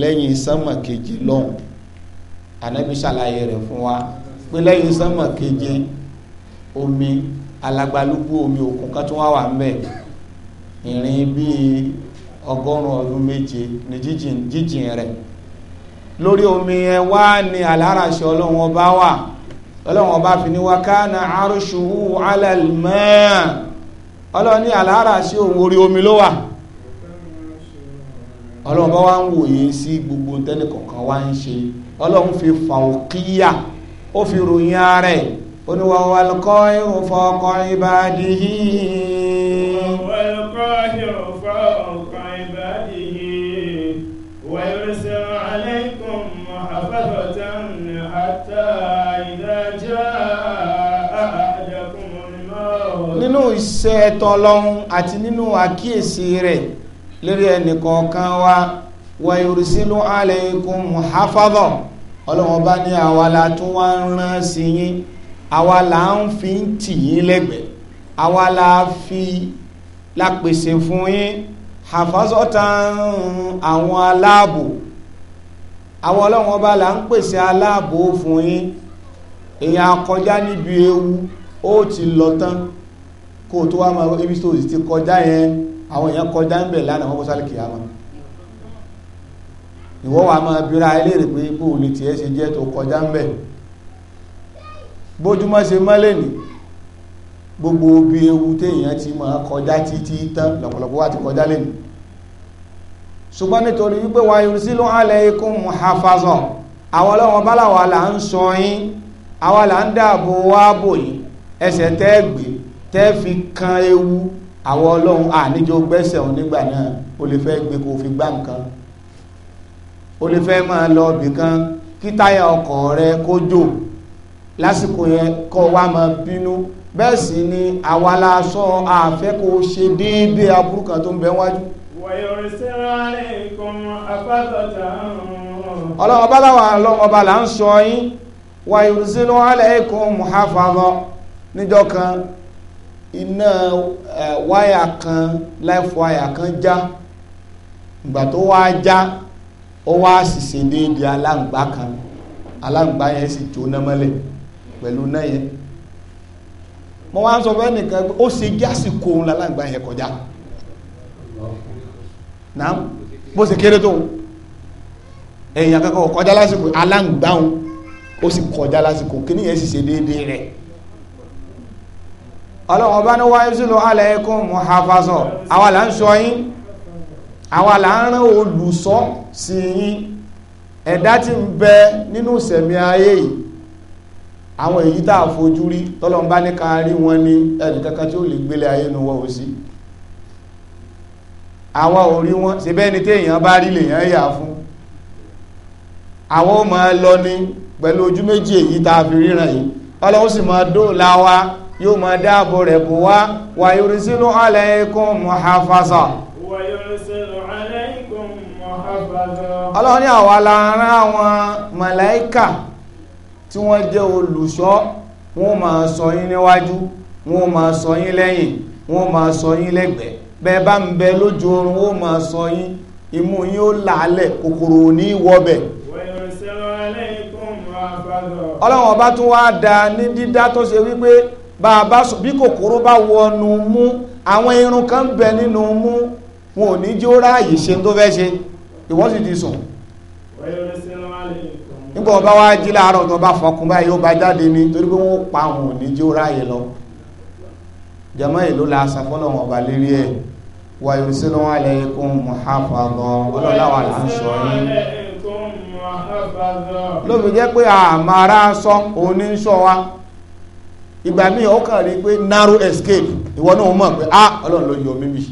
lẹ́yìn sánmà keje lọ́hùn ànábi ṣàlàyé rẹ̀ fún wa pé lẹ́yìn sánmà keje omi alagbalúgbú omi òkun kan tún wá wà ń bẹ̀ ìrìn bíi ọgọ́rùn ọdún méje ní jíjìn jíjìn rẹ̀ lórí omi yẹn wá ní aláràṣẹ ọlọ́run ọba wà ọlọ́run ọba fi ní wa kana arṣuhu ala al-maa ọlọ́run ní aláràṣẹ òun orí omi ló wà ọlọ́run bá wá ń wòye sí gbogbo tẹ́lẹ̀ kọ̀ọ̀kan wá ń ṣe ọlọ́run fi fàwọ́kíyà ó fi ròyìn ara ẹ̀ ó ní wa wal-qahiru iṣẹ́ tọlọ́hun àti nínú àkíyèsí rẹ̀ lórí ẹnìkọ̀ọ̀kan wa wa yursilu alaykum hafadha ọlọ́wọ́n bá ní àwa la tún wá ń rán sí yín àwa la ń fi ń tì yín lẹ́gbẹ̀ẹ́ àwa la fi la pèsè fún yín hafazatan àwọn aláàbò àwọn ọlọ́wọ́n bá la ń pèsè aláàbò fún yín èèyàn akọjá níbi ewu ó ti lọ tán kó o tó wá máa ibi tó ti kọjá yẹn àwọn èèyàn kọjá ń bẹ̀ lánàá wọn kó sálẹ̀ kìá wọn ìwọ wa máa bira eléèrè pé bó o lè tiẹ̀ ṣe jẹ́ tó kọjá ń bẹ̀ bójúmọ́ ṣe mọ́lẹ̀ ní gbogbo bí ewu téèyàn ti máa kọjá títí tán lọ́pọ̀lọpọ̀ wá ti kọjá lẹ́nu ṣùgbọ́n nítorí wípé wa yursilu alaykum hafaza àwọn ọlọ́wọ́n báláwà là ń sọ yín àwa là ń dáàbò wá bò yín ẹsẹ̀ tẹ́ẹ̀gbìn fi kan ewu àwọn ọlọ́run àníjó gbẹ́sẹ̀ òun nígbà náà o lè fẹ́ gbé kó fi gbá nǹkan o lè fẹ́ máa lọ ibì kan kí táyà ọkọ̀ rẹ kó jò lásìkò yẹn kọ́ wa máa bínú bẹ́ẹ̀ sì ni àwa la sọ àfẹ́ kó ṣe déédéé aburú kan tó ń bẹ wájú. láwọn ọba là ń sọ yín kan iná wáyà kan life wáyà kan já ìgbà tó wá já ó wá ṣìṣe déédéé aláǹgbá kan aláǹgbá yẹn sì jóná mọ́lẹ̀ pẹ̀lú náà yẹn mo wá ń sọ fẹ́ nìkan pé ó ṣe jásìkò òun láláǹgbá yẹn kọjá náà bó ṣe kéré tóun èèyàn kankan kọjá lásìkò aláǹgbá òun ó sì kọjá lásìkò kí nìyẹn sì ṣe déédéé rẹ̀ ọlọ́run ọba ní wáyé sílò alaykum muhafazọ àwa là ń sọ yín àwa là ń rán olùsọ sí yín ẹ̀dá tí ń bẹ nínú ìṣẹ̀mí ayé yìí àwọn èyí tá a fojú rí tọ́lọ́run bá ní ká rí wọn ní ẹnì kankan tí ó lè gbélé ayé nu wọ́n ò sí àwa ò wọn ṣe ni téèyàn bá rí lèèyàn yà fún àwọn ò máa lọ ní pẹ̀lú ojú méjì èyí tá a fi ríran yìí ọlọ́run sì máa dóòlà wa yóò máa dáàbò rẹ̀ bò wá wà yursilu alaykum muhafaza ọlọ́run ní àwọn aláàrán àwọn màláíkà tí wọ́n jẹ́ olùṣọ́ wọ́n máa ṣọ́ yín níwájú wọ́n máa ṣọ́ yín lẹ́yìn wọ́n máa ṣọ́ yín lẹ́gbẹ̀ẹ́ bẹ́ẹ̀ bá ń bẹ lójú oorun wọ́n máa ṣọ́ yín imú yín ó làálẹ̀ kòkòrò ní wọbẹ̀ ọlọ́run ọba tún wá dá ní dídá tó ṣe wípé bàbá bí kòkòrò bá wọnú mú àwọn irun kan bẹ nínú mú wọn ò ní jí ó ráàyè ṣe tó fẹ́ ṣe ìwọ́n sì ti sùn nígbà wọn bá wá jí láàárọ̀ tó bá fọkùn báyìí ó bá jáde ní torí pé wọn ó pa àwọn ò ní jí ó ráàyè lọ jẹmọ́ èlò la sàfọ́lọ̀ wọn bá lérí ẹ̀ wà yòrìsílọ́ alaykum muhafadha ọlọ́láwà là ń sọ yín lóbi jẹ́ pé àmàrà sọ òní sọ wa ìgbà míì ó kàn rí pé narrow escape ìwọ náà mọ̀ pé ah ọlọ́run ló yọ mí bì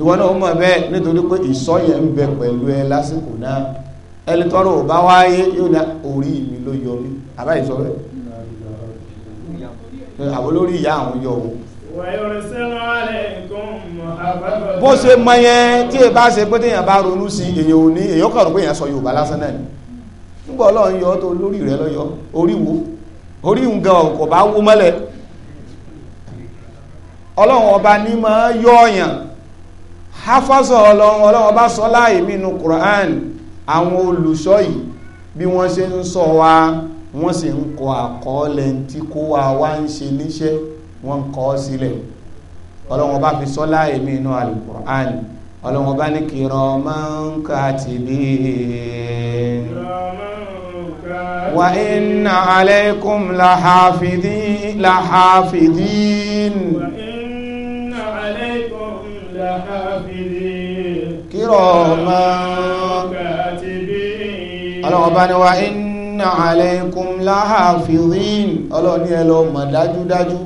ìwọ náà mọ̀ bẹ́ẹ̀ nítorí pé ìsọyẹ̀ ń bẹ pẹ̀lú ẹ lásìkò náà ẹni tọrọ ò bá wáyé yóò ní orí mi ló yọ mí àbá ìsọ rẹ àwọn olórí ìyá àwọn yọ o bó ṣe mọ yẹn tí ẹ bá ṣe pé téèyàn bá ronú sí èyàn ò ní èyàn kàn rò pé èyàn sọ Yorùbá lásán náà ni nígbà Ọlọ́run yọ tó lórí rẹ lọ́yọ orí wo orí nǹkan ọ̀kọ̀ bá wú mọ́lẹ̀ ọlọ́run ọba ní ma yọ́ọ̀yàn hafásọ̀ ọlọ́run ọlọ́run ọba sọ láàyè mínú Qur'an àwọn olùṣọ́ yìí bí wọ́n ṣe ń sọ wa wọ́n sì ń kọ àkọọ́lẹ̀ tí kó wa wá ń ṣe níṣẹ́ wọ́n ń kọ sílẹ̀ ọlọ́run ọba fi sọ láàyè mínú al-Qur'an ọlọ́run ọba ní kìrọ̀mọ́ ń kàtìbí kìrọ̀mọ́ وإن عليكم لحافظين لحافظين وإن عليكم لحافظين كراما كاتبين الله وإن عليكم لحافظين الله ni ẹ lọ mọ̀ dájúdájú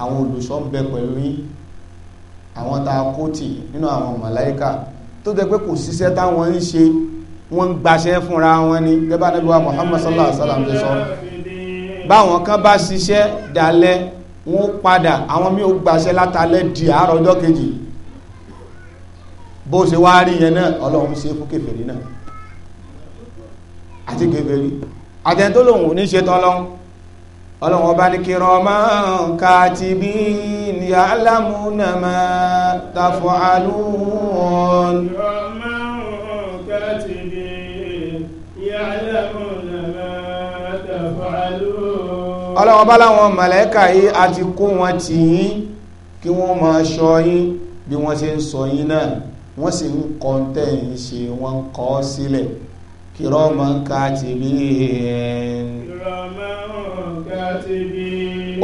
àwọn olùṣọ́ ń bẹ pẹ̀lú yín àwọn tá a kó tì nínú àwọn màláíkà tó jẹ́ pé kò síṣẹ́ táwọn ń ṣe wọ́n ń gbaṣẹ́ fúnra wọn ni gẹ́gẹ́ Ànábì wa Muhammad sallallahu alaihi wasallam ti sọ báwọn kan bá ṣiṣẹ́ dalẹ̀ wọ́n padà àwọn míì ó gbaṣẹ́ látàlẹ́ di àárọ̀ ọjọ́ kejì bó ṣe wá rí yẹn náà ọlọ́run ṣe fún kèfèrí náà àti kèfèrí àtẹ̀ntó lòun ò ní ṣe tán lọ́hún ọlọ́run ọba ní kí rọmọ katibin ya'lamuna ma taf'alun ọlọ́wọ́ bá láwọn mọ̀lẹ́kà yìí a ti kó wọn tì yín kí wọ́n máa ṣọ́ yín bí wọ́n ṣe ń sọ yín náà wọ́n sì ń kọ́ tẹ̀yìn ṣe wọ́n kọ́ sílẹ̀ kìrọ́mọ̀ katibin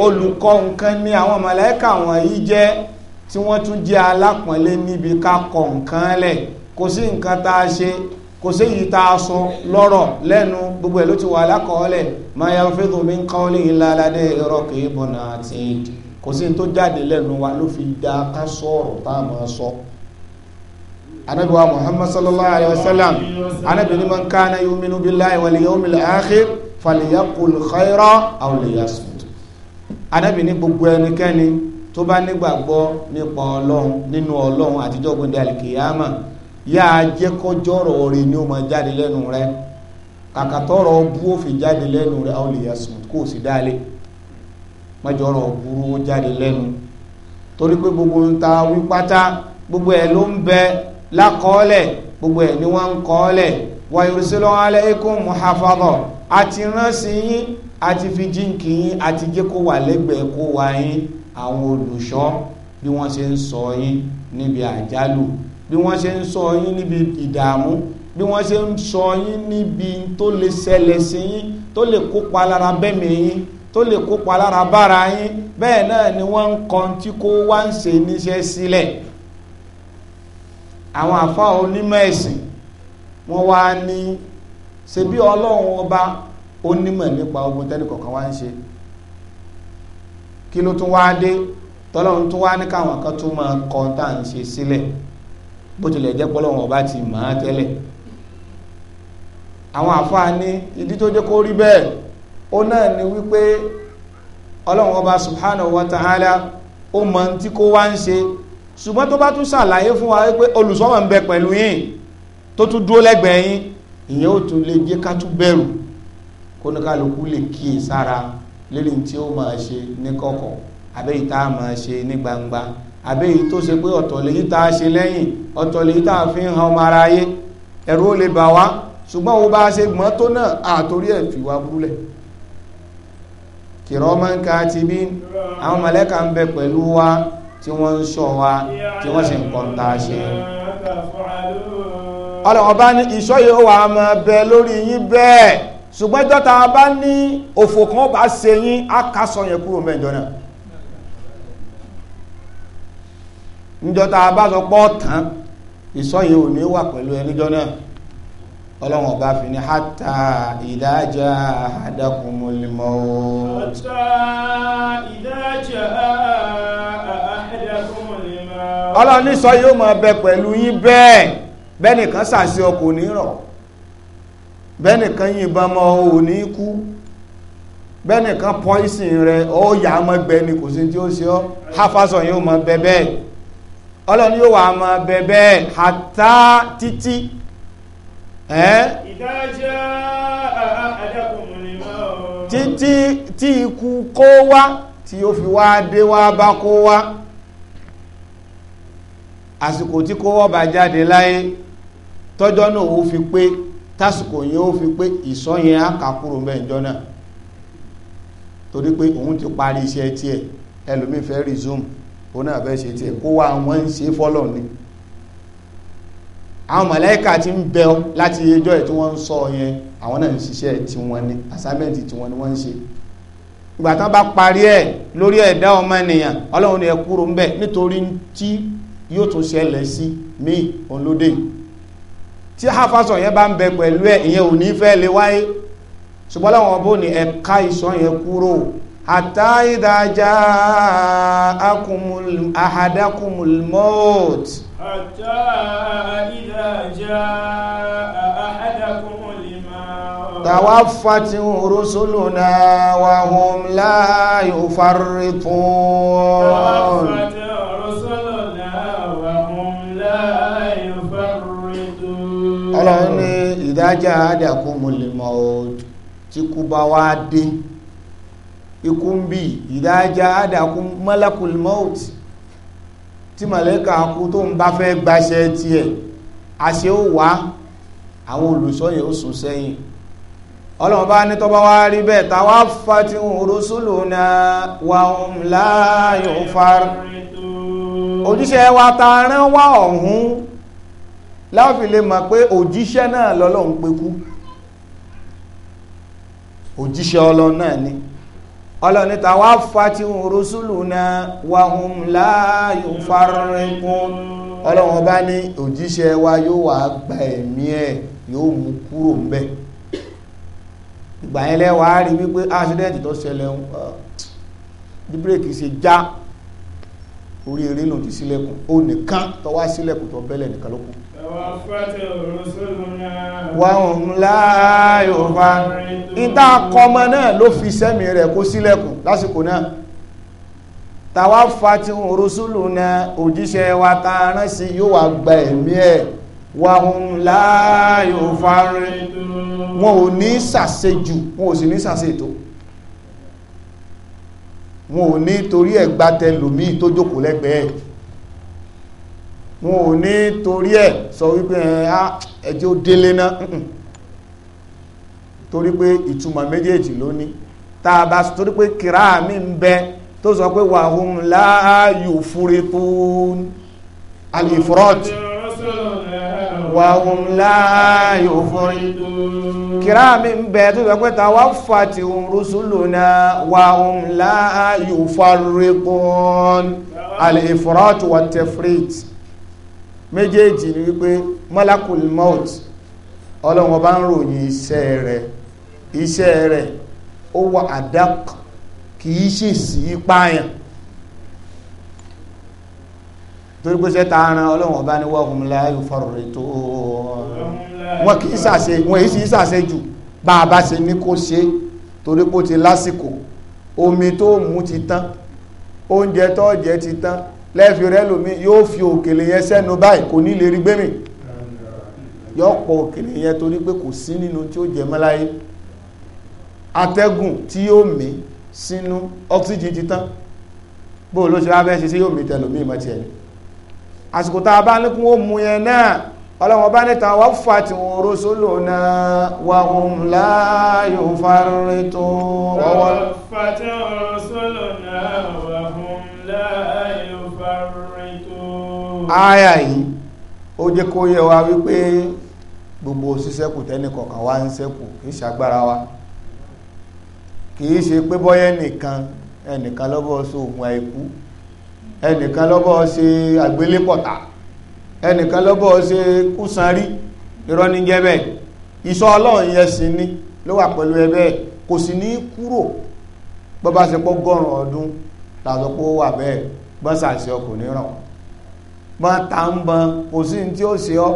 olùkọ́ nǹkan ni àwọn mọ̀lẹ́kà wọ̀nyí jẹ́ tí wọ́n tún jẹ́ alápọ̀nlé níbi ká kọ nǹkan lẹ̀ kò sí nǹkan tá a ṣe kò séyìí tá a sọ lọ́rọ̀ lẹ́nu gbogbo ẹ̀ ló ti wà lákọọ́lẹ̀ ma yalfidhu min qawlin illa ladayhi raqibun atid kò sí tó jáde lẹ́nu wa ló fi da ká sọ̀rọ̀ tá a máa sọ. anabi wa sallallahu alayhi wa sallam anabi ni man kana yu'minu billahi wal yawmil akhir falyaqul khayra aw liyasmut. anabi ni gbogbo ẹnikẹ́ni tó bá nígbàgbọ́ nípa ọlọ́run nínú ọlọ́run àtijọ́ gbọ́ndé alikiyama yá a jẹ́ kọjọ́rọ̀ rẹ ni ó máa jáde lẹ́nu rẹ kàkàtọ́rọ̀ bú ó fi jáde lẹ́nu rẹ àwọn lè yà sùn kó o sì dálé mọ́jọ́rọ̀ burú ó jáde lẹ́nu torí pé gbogbo ń ta wí pátá gbogbo ẹ̀ ló ń bẹ lákọọ́lẹ̀ gbogbo ẹ̀ ni wọ́n ń kọ́ọ́lẹ̀ wa yursilu alaykum muhafaza àti ránṣẹ́ yín àti fi jíǹkì yín àti jẹ́ kó wà lẹ́gbẹ̀ẹ́ kó wà yín àwọn olùṣọ́ bí wọ́n ṣe ń ṣọ́ yín níbi àjálù bí wọ́n ṣe ń sọ yín níbi ìdààmú bí wọ́n ṣe ń sọ yín níbi tó lè ṣẹlẹ̀ sí yín tó lè kópa lára bẹ́mi yín tó lè kópa lára bára yín bẹ́ẹ̀ náà ni wọ́n ń kan tí kò wá ń ṣe níṣẹ́ sílẹ̀ àwọn àfa onímọ̀ ẹ̀sìn wọ́n wá ní ṣe bí ọlọ́run ọba onímọ̀ nípa ogun tẹ́nìkọ̀ọ̀kan wá ń ṣe kí ló tún wá dé tọ́lọ́run tún wá ní káwọn kan tún máa kọ́ tá à ń ṣe sílẹ̀. Si bó tilẹ̀ jẹ́ pé Ọlọ́run ọba ti mọ̀ á tẹ́lẹ̀ àwọn àfáà ní ìdí tó jẹ́ kó rí bẹ́ẹ̀ ó náà ni wípé Ọlọ́run ọba subhanahu wa ta'ala ó mọ̀ tí kò wá ń ṣe ṣùgbọ́n tó bá tún ṣàlàyé fún wa wípé olùṣọ́mọ̀ ń bẹ pẹ̀lú yín tó tún dúró lẹ́gbẹ̀ẹ́ yín ìyẹn ó tún lè jẹ́ ká tún bẹ̀rù kóníkàlùkù lè kíyè sára lórí tí ó máa ṣe ní kọ̀kọ̀ àbẹ́yìí tá a máa ṣe ní gbangba àbẹ́yìn tó ṣe pé ọ̀tọ̀ lèyí tá a ṣe lẹ́yìn ọ̀tọ̀ lèyí tá a fi ń han ọmọ ara ayé ẹ̀rú ó lè bà wá ṣùgbọ́n wo bá a ṣe gbọ́n tó náà àtòrí ẹ̀ fìwà burúlẹ̀ kìrọ́mọ́ ń ka ti bí àwọn mọ̀lẹ́ka ń bẹ pẹ̀lú wa tí wọ́n ń ṣọ́ wa tí wọ́n sì ń kọ́ńtà ṣe ọlọ́wọ́n bá ní ìṣọ́yẹ̀ ó wà mọ́ bẹ lórí yín bẹ́ẹ̀ ṣùgbọ́n jọ́ta bá ní òfò kan bá ṣe yín á kásọ̀ yẹn kúrò mẹ́jọ náà níjọta abásọpọ̀ tán ìsọyìn ò ní wà pẹ̀lú ẹnìjọ́ náà ọlọ́run ọba fi ní hátà ìdájà àdákùnmọ̀lẹ́mọ́ hátà o ọlọ́run ní sọ yóò mọ̀ bẹ pẹ̀lú yín bẹ́ẹ̀ bẹ́nìkan sàṣẹ ọkọ̀ bẹ́nìkan yìnbọn mọ́ ò ní kú bẹ́nìkan pọ́ìsìn rẹ̀ ó yà á mọ́ gbẹ ni kò sí tí ó ṣe ọ́ yóò bẹ bẹ́ẹ̀ ọlọ́ni yóò wà mọ̀ bẹ̀bẹ̀ àtà títí títí tí ikú kó wá tí ó fi wá dé wá bá kó wá àsìkò tí kó wá bá jáde láyé tọ́jọ́ náà ó fi pé tásìkò yẹn ó fi pé ìsọ́ yẹn mẹ́jọ náà torí pé òun ti parí iṣẹ́ tiẹ̀ ẹlòmíì fẹ́ resume ó náà fẹ́ ṣe tiẹ̀ kó wá àwọn ń ṣe fọ́lọ̀ ni àwọn mọ̀lẹ́kà ti ń bẹ láti ẹjọ́ ẹ̀ tí wọ́n ń sọ yẹn àwọn náà ń ṣiṣẹ́ tiwọn ni assignment tiwọn ni wọ́n ń ṣe ìgbà tán bá parí ẹ̀ lórí ẹ̀dá ọmọ ènìyàn ọlọ́run ni ẹ kúrò ń bẹ nítorí tí yóò tún ṣẹlẹ̀ sí míì òun tí hafaṣọ yẹn bá ń bẹ pẹ̀lú ẹ̀ ìyẹn ò ní fẹ́ lè wáyé ṣùgbọ́n láwọn ọbọ̀ ni ẹ̀ka ìṣọ́ yẹn kúrò hatta idha ja'akumul ahadakumul maut hatta idha ja'a ahadakumul maut tawaffati rusuluna wa hum la yufarritun tawaffati rusuluna wa hum la yufarritun ọlọ́run ní ìdájá àdàkùnmùlìmọ̀ tí kú bá wá dín ikú ń bí ìdájá àdàkú malakul maut tí màlẹ́kà kú tó ń bá fẹ́ gbaṣẹ́ tiẹ̀ àṣẹ ó wá àwọn olùsọ́yẹ̀ ó sùn sẹ́yìn ọlọ́run bá ní tọ́bá wá rí bẹ́ẹ̀ tàwa fati rusulu na wa hum la yufar ojise wa ta rán wá ọ̀hún láfi lè pe ojise naa náà lọ́lọ́run pekú ojise ọlọ́run náà ni ọlọ́ni tàwa fati rusuluna wahum la yufarriqun ọlọ́wọ́n bá ní òjíṣẹ́ wa yóò wá gba ẹ̀mí ẹ̀ yóò mú kúrò ńbẹ̀ ìgbà yẹn lẹ́wàá rí wípé ásídẹ́ǹtì tó ṣẹlẹ̀ ń bí bírèkì ṣe já orí eré lòdì sílẹ̀kùn ó nìkan tó sílẹ̀kùn tó bẹ́lẹ̀ nìkan ló wàhùn láàyò fa ìta kọmọ náà ló fi sẹ́mi rẹ̀ kó sílẹ̀kùn lásìkò náà tàwa fatihun rusulu náà òjíṣẹ́ wa ta rán sí yóò wà gba ẹ̀mí ẹ̀ wàhùn láàyò farin wọn ò ní sàṣejù wọn ò sì ní sàṣètò wọn ò ní torí ẹ̀gbátẹ lòmí tó jókòó lẹ́gbẹ̀ẹ́ wọn ò ní torí ẹ̀ sọ wípé ẹjẹ́ ó délé náà torí pé ìtumọ̀ méjèèjì ló ní tá a bá torí pé kìrá mi ń bẹ tó sọ pé wà hùn láàyò fúre tó alifrot wà hùn láàyò fúre kìrá mi ń bẹ tó sọ pé tàwa fàtí hùn rusuluna wà hùn láàyò fúre tó alifrot wà tefrit méjèèjì ni wípé malakul maut ọlọ́run ọba ń ròyìn iṣẹ́ rẹ̀ iṣẹ́ rẹ̀ ó wà àdák kìí ṣe sí pààyàn torí pé ṣe ta ran ọlọ́run ọba ní wọ́hùn láàyò fọ̀rọ̀ ètò wọn kìí ṣàṣe wọn èyí ṣàṣe jù bá a bá ṣe ní kó ṣe torí pé ó ti lásìkò omi tó mú ti tán oúnjẹ tó jẹ ti tán lẹ́ẹ̀fì rẹ lómi yóò fi òkèlè yẹn sẹ́nu báyìí kò ní lè rí gbẹ́mì yóò pọ̀ òkèlè yẹn torí pé kò sí nínú tí ó jẹ mọ́láyé atẹ́gùn tí yóò mí sínú oxygen ti tán bó ló ṣe lábẹ́ ṣe sí yóò mí tẹlòmí ìmọ̀ tiẹ̀ àsìkò tá a bá ní kún ó mu yẹn náà ọlọ́wọ́n bá níta wá fà tí wọ́n ró sólò náà wà hùm láàyò fárẹ́ tó wọ́wọ́ áyà yìí ó jẹ́ kó yẹ wa wípé gbogbo sísẹ́kù tẹ́nì kọ̀ọ̀kan wá ń sẹ́kù kìí ṣàgbára wa kìí ṣe pé bọ́yẹ́ nìkan lobo lọ́bọ̀ ṣe ògùn àìkú ẹnìkan lọ́bọ̀ ṣe àgbélépọ̀tà ẹnìkan lọ́bọ̀ ṣe kúsanrí irọ́ ní jẹ́bẹ̀ ìṣọ́ ọlọ́run yẹ sí ní ló wà pẹ̀lú ẹbẹ́ kò sì ní kúrò bọ́bá ṣe pọ́ gọ́rùn ọdún tàbí pé ó wà bẹ́ẹ̀ bọ́sà ṣe ọkùnrin ràn bọ́n ta ń bọ́n kò sí tí ó ṣe ọ́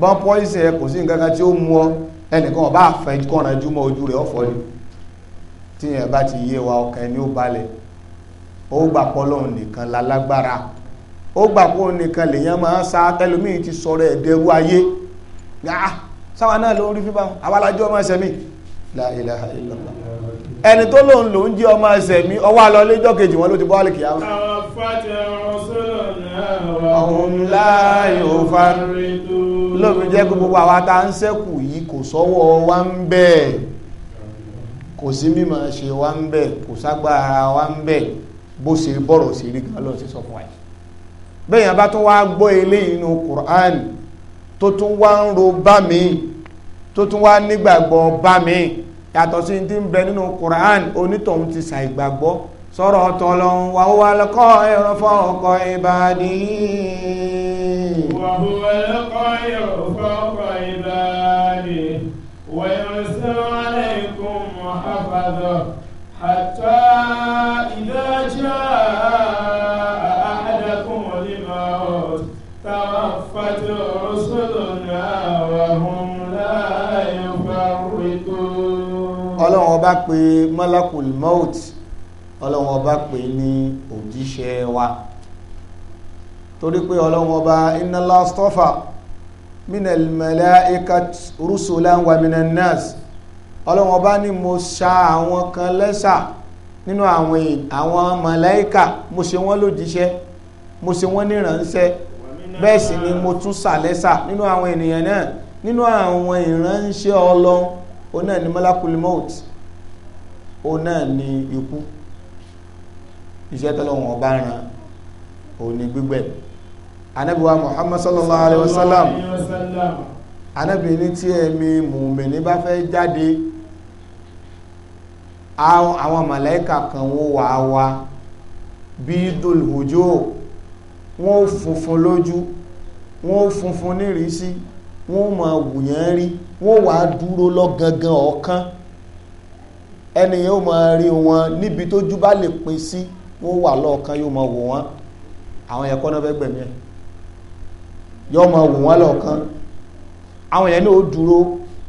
bọ́n pọ́ìsì ẹ kò sí nǹkan kan tí ó mú ọ ẹnìkan ọba àfẹ́ kọ́ran júmọ́ ojú rẹ̀ ọ̀fọ́ ni tí yẹn bá ti yé wa ọkàn ẹni ó balẹ̀ ó gbà pọ́ lóhun nìkan lálágbára ó gbà pọ́ nìkan lèyàn máa ń sa ẹlòmíì ti sọ̀rọ̀ ẹ̀dẹ́rú ayé yàá sáwọn náà ló ń rí fífa abalájọ́ ọmọ ẹsẹ̀ mi la ilaha illallah ẹni tó lóun lòún jẹ́ ọmọ ẹsẹ̀ mi ọwọ́ àlọ́ lẹ́jọ́ kejì wọn ló ti bọ́ àlèkìyà wọn hum la yufarritu lómi jẹ́ gbogbo àwa tá ń ṣẹ́kù yìí kò sọ́wọ́ wa ń bẹ kò sí mímọ̀ ṣe wa ń bẹ kò ságbára wa ń bẹ bó ṣe bọ̀rọ̀ sí rí gan lọ́n sí sọ fún wa yìí bẹ́yìn abá tó wá gbọ́ eléyìí nínú Qur'an tó tún wá ń ro bá mi tó tún wá nígbàgbọ́ bá mi yàtọ̀ sí ti ń bẹ nínú Qur'an onítọ̀hún ti ṣàìgbàgbọ́ sọ̀rọ̀ tọ́lọ́n wà wà lọ́kọ́ ẹ̀rọ fọ́ọ̀kọ́ ìbàdí wà wà lọ́kọ́ ẹ̀rọ fọ́ọ̀kọ́ ìbàdí wà ìrìnsẹ́ aláìkún mọ̀háfàdọ̀ àtà ìdájá àádẹ́kùn olímọ̀ tàwọn fàjọ rọ́sọ́lọ̀ ọba pe malakul mawt ọlọ́run ọba pè ní òjíṣẹ́ wa torí pé ọlọ́run ọba inna Allah astafa minal mala'ikat rusulan wa minan nas ọlọ́run ọba ní mo ṣà àwọn kan lẹ́ṣà nínú àwọn àwọn màláíkà mo ṣe wọ́n lójíṣẹ́ mo ṣe wọ́n níránṣẹ́ bẹ́ẹ̀ sì ni mo tún ṣà lẹ́ṣà nínú àwọn ènìyàn náà nínú àwọn ìránṣẹ́ ọlọ́run òun náà ni malakul maut náà ni ikú iṣẹ́ tọ́lọ́wọ̀n ọba ran òní gbígbẹ̀ ànábì wa Muhammad sallallahu alaihi wasallam ànábì ní tí ẹ̀mí mùmìnì bá fẹ́ jáde àwọn màláíkà kan wọ́n wà wá bí dòlùhòjò wọ́n funfun lójú wọ́n funfun nírísí wọ́n máa wùyàn rí wọ́n wà dúró lọ́gangan ọ̀kan ẹnìyàn ó rí wọn níbi tójú bá lè pín sí wọ́n wà lọ́ọ̀kan yóò máa wò wọ́n àwọn ẹ̀kọ́ náà fẹ́ gbẹ̀mí ẹ̀ yóò máa wò wọ́n lọ́ọ̀kan àwọn yẹn náà dúró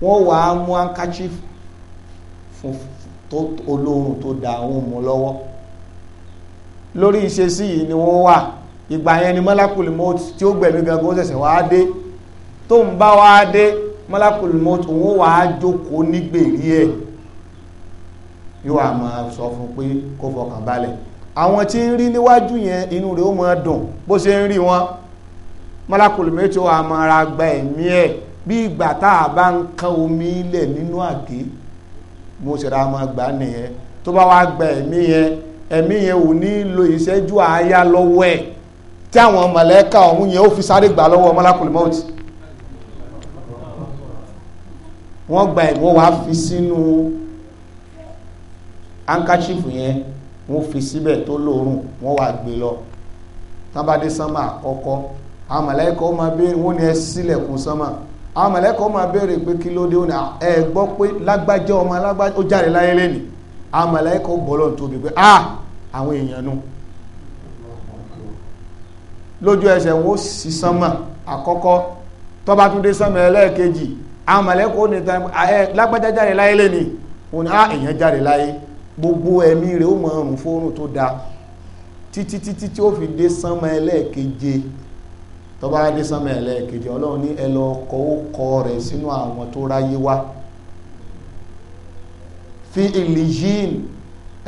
wọ́n wà á mú handkerchief tó olóorun tó da àwọn mú lọ́wọ́ lórí ìṣesí yìí ni wọ́n wà ìgbà yẹn ni mọ́lákùlù mọ́t tí ó gbẹ̀mí gangan ó ṣẹ̀ṣẹ̀ wá dé tó ń bá wá dé mọ́lákùlù mọ́t òun wà á jókòó nígbèrí ẹ̀ yóò àmọ́ sọ fún pé kó fọkàn balẹ̀ àwọn tí ń rí níwájú yẹn inú rẹ̀ ó mọ dùn bó ṣe ń rí wọn malakul mẹ́tò àmọ́ra gba ẹ̀mí ẹ̀ bí ìgbà tá a bá ń kan omi ilẹ̀ nínú àgé mo ṣẹ̀dá máa gbà nìyẹn tó bá wá gba ẹ̀mí yẹn ẹ̀mí yẹn ò ní lo ìṣẹ́jú àáyá lọ́wọ́ ẹ̀ tí àwọn mọ̀lẹ́kà ọ̀hún yẹn ó fi sáré gbà lọ́wọ́ malakul mọ́tì wọ́n gba ẹ̀mí wọ́n wá fi sínú ankachifu yẹn wọ́n fi síbẹ̀ tó lóorùn wọ́n wà gbé lọ tábàdé sánmà àkọ́kọ́ àwọn mọ̀lẹ́kọ̀ máa béèrè wọ́n ní ẹ sílẹ̀kùn sánmà àwọn máa béèrè pé kí ló dé ó ní ẹ gbọ́ pé lágbájá ọmọ lágbájá jáde láyé lẹ́nìí àwọn mọ̀lẹ́kọ̀ bọ́lọ̀ tóbi pé ah àwọn èèyàn nu lójú ẹsẹ̀ wọn sì sánmà àkọ́kọ́ tọ́ba sánmà ẹlẹ́ẹ̀kejì àwọn mọ̀lẹ́kọ̀ ó lágbájá jáde láyé lẹ́nìí ó ah èèyàn jáde láyé gbogbo ẹ̀mí rẹ̀ ó mọ ọrùn fóònù tó dáa títí títí tí ó fi dé sánmà ẹlẹ́ẹ̀keje tó bá dé sánmà ẹlẹ́ẹ̀keje ọlọ́run ní ẹlọ ọkọ̀ ó kọ rẹ̀ sínú àwọn tó ráyé wá fi ìlìyìn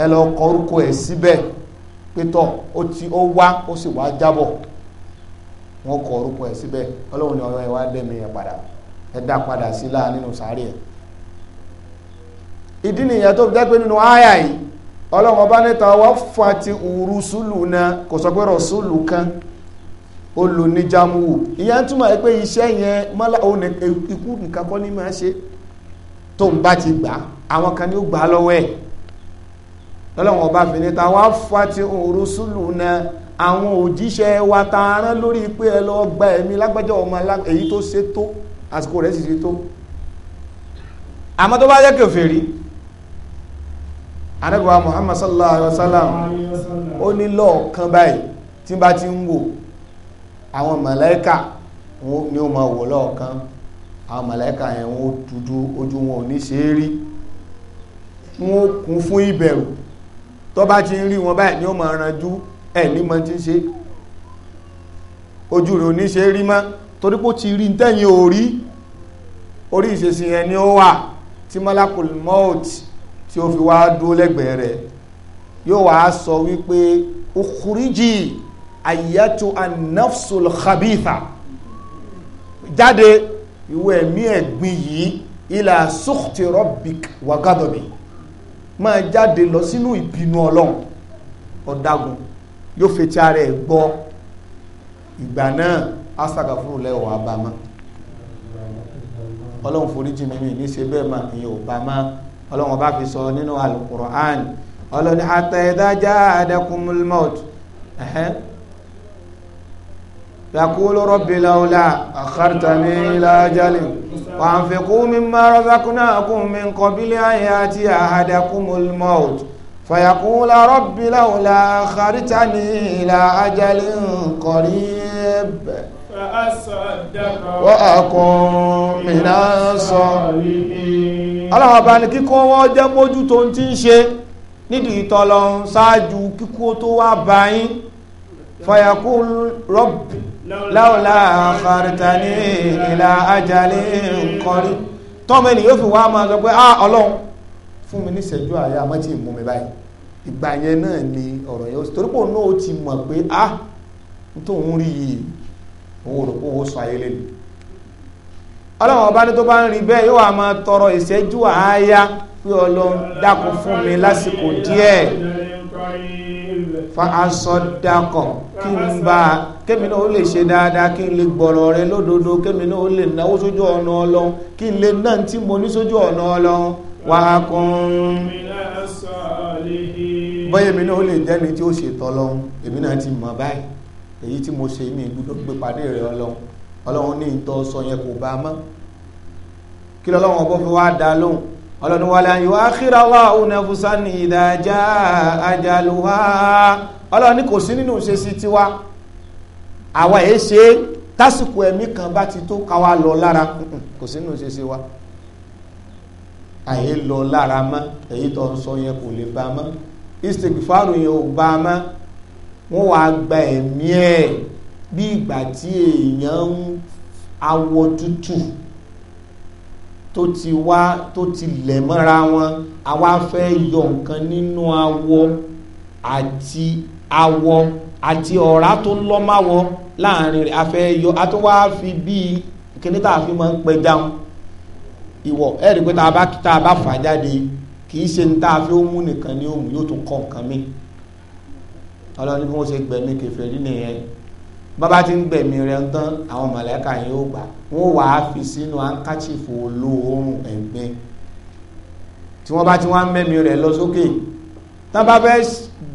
ẹlọ ọkọ̀ orúkọ ẹ̀ síbẹ̀ pétọ́ ó ti ó wá ó sì wá jábọ̀ wọ́n kọ orúkọ ẹ̀ síbẹ̀ ọlọ́run ní ọ̀rọ̀ ẹ̀ wá dẹ́mi ẹ̀ padà ẹ̀ dá padà sí láà nínú sáré ẹ̀ ìdí nìyẹn tó fi jẹ́ pé nínú àyà yìí ọlọ́run ọba níta wọ́n fà ti òru súlù náà kò sọ pé rọ̀súlù kan olùnijamu ìyẹn túmọ̀ pé iṣẹ́ yẹn mọ́lá ikú nǹkan ní máa ṣe tó ń bá ti gbà àwọn kan ní ó gbà lọ́wọ́ ẹ̀ lọ́lọ́wọ́n ọba fìní ta wá fati rusulu na àwọn òjíṣẹ́ wa ta rán lórí pé ẹ lọ gba ẹ̀mí lágbájá ọmọ èyí tó ṣe tó àsìkò rẹ̀ sì ṣe tó àmọ́ tó bá jẹ́ kèfèrí anábìwá muhammad sallallahu alayhi wa sallam ó ní lọ́ọ̀kan báyìí tí bá ti ń wò àwọn màláíkà ni ó máa wò lọ́ọ̀kan àwọn màláíkà yẹn wọ́n dúdú ojú wọn ò ní ṣe é rí wọ́n kún fún ìbẹ̀rù tó bá ti ń rí wọn báyìí ni ó máa ranjú ẹ̀ ní mọ́ ti ń ṣe ojú rẹ̀ ò ní ṣe é rí mọ́ torí pé ti rí tẹ́yìn orí orí ìṣesí yẹn ni ó wà tí malakul mọ́ọ̀tì tí ó fi wá dúró lẹ́gbẹ̀ẹ́ rẹ̀ yóò wá sọ wípé okùríjì àyàtò anafsul khabitha jáde ìwọ ẹ̀mí ẹ̀gbin yìí ilà sukti rabbik wagadobi máa jáde lọ sínú ìbínú ọlọ́run ọ̀dàgùn yóò fetí ara ẹ̀ gbọ́ ìgbà náà asaga fún lẹ́wọ̀ abamá ọlọ́run foríjì mímí ní ṣe bẹ́ẹ̀ máa ìyẹn ò bá máa ọlọ́run ọba fi sọ nínú alukur'an ọlọ́ni àtẹ̀dájà àdẹkùnmùlmọ́t yakulu rabbi lawla akhartani ila ajalin wa anfiqu mimma razaqnakum min qabli an ya'tiya ahadakumul maut فيقول رب لولا أخرتني إلى أجل قريب فأصدق وأكن من الصالحين ọlọ́wọ́ bá ní kíkọ́ wọ́n jẹ́ mójú tó ń ti ń ṣe nídìí ìtọ́lọ ṣáájú kíkú tó wá bá yín fọyàkú rọ́bì láwùlá àkàrìtàní ìlà ajalé nkọrí tọ́mọ ènìyàn fi wá máa sọ pé ah ọlọ́run fún mi níṣẹ́jú àyà àmọ́ tí mú mi báyìí ìgbà yẹn náà ni ọ̀rọ̀ yẹn torípò náà ó ti mọ̀ pé ah nítorí òun rí yìí òun rò pé òun sọ ayé lẹ́nu ọlọ́run ọba ní tó bá ń rí bẹ́ẹ̀ yóò wá máa tọrọ ìṣẹ́jú àáyá pé ọlọ́run dákun fún mi lásìkò díẹ̀ fa aṣọ dakọ̀ kí n bá kémi náà ó lè ṣe dáadáa kí n lè gbọ̀rọ̀ rẹ lódodo kémi náà ó lè náwó sójú ọ̀nà ọlọ́run kí n lè náà tí mo ní sójú ọ̀nà ọlọ́run wà kún bọ́yẹ̀ mi náà ó lè jẹ́ni tí ó ṣètọ́ ọlọ́run èmi náà ti mọ̀ báyìí èyí tí mo ṣe mi gbúdọ̀ gbé pàdé rẹ ọlọ́run ọlọ́run ní ìtọ́ sọ yẹn kò bá mọ́ kí lọ́lọ́run ọgbọ́n fi wá dá lóhùn ọlọ́run wàlẹ̀ àyùwá àkíràwá ònàfùsà ní ìdájà àjàlùwá ọlọ́run ní kò sí nínú ṣe sí tiwa àwa èé ṣe tásìkò ẹ̀mí kan bá ti tó káwa lọ lára kò sí nínú ṣe sí wa àyè lọ lára mọ́ èyí tó ń sọ yẹn kò lè bá mọ́ istikfaru yẹn ò bá mọ́ wọ́n wàá gba ẹ̀mí ẹ̀ bí ìgbà tí èèyàn ń awọ tútù tó ti wá tó ti lẹ̀ mọ́ra wọn àwa fẹ́ yọ nǹkan nínú awọ àti awọ àti ọ̀rá tó lọ́máwọ láàrin rẹ̀ a fẹ́ yọ a tó wá fi bíi kíní tá a fi máa ń pẹ dáhùn ìwọ ẹ rí i pé tá a bá tá a bá fà jáde kì í ṣe ní tá a fi ó mú nìkan ní òun yóò tún kọ́ nǹkan mi ọlọ́run bí wọ́n ṣe gbẹ̀mí kẹfẹ́ rí nìyẹn bàbá ti ń gbẹ̀mí rẹ̀ ń tán àwọn mọ̀lẹ́kà yìí ó gbà wọ́n wà á fi sínú ankachifu olóòórùn ẹ̀gbẹ́ tí wọ́n bá ti wá ń mẹ́mí rẹ̀ lọ sókè tán bá fẹ́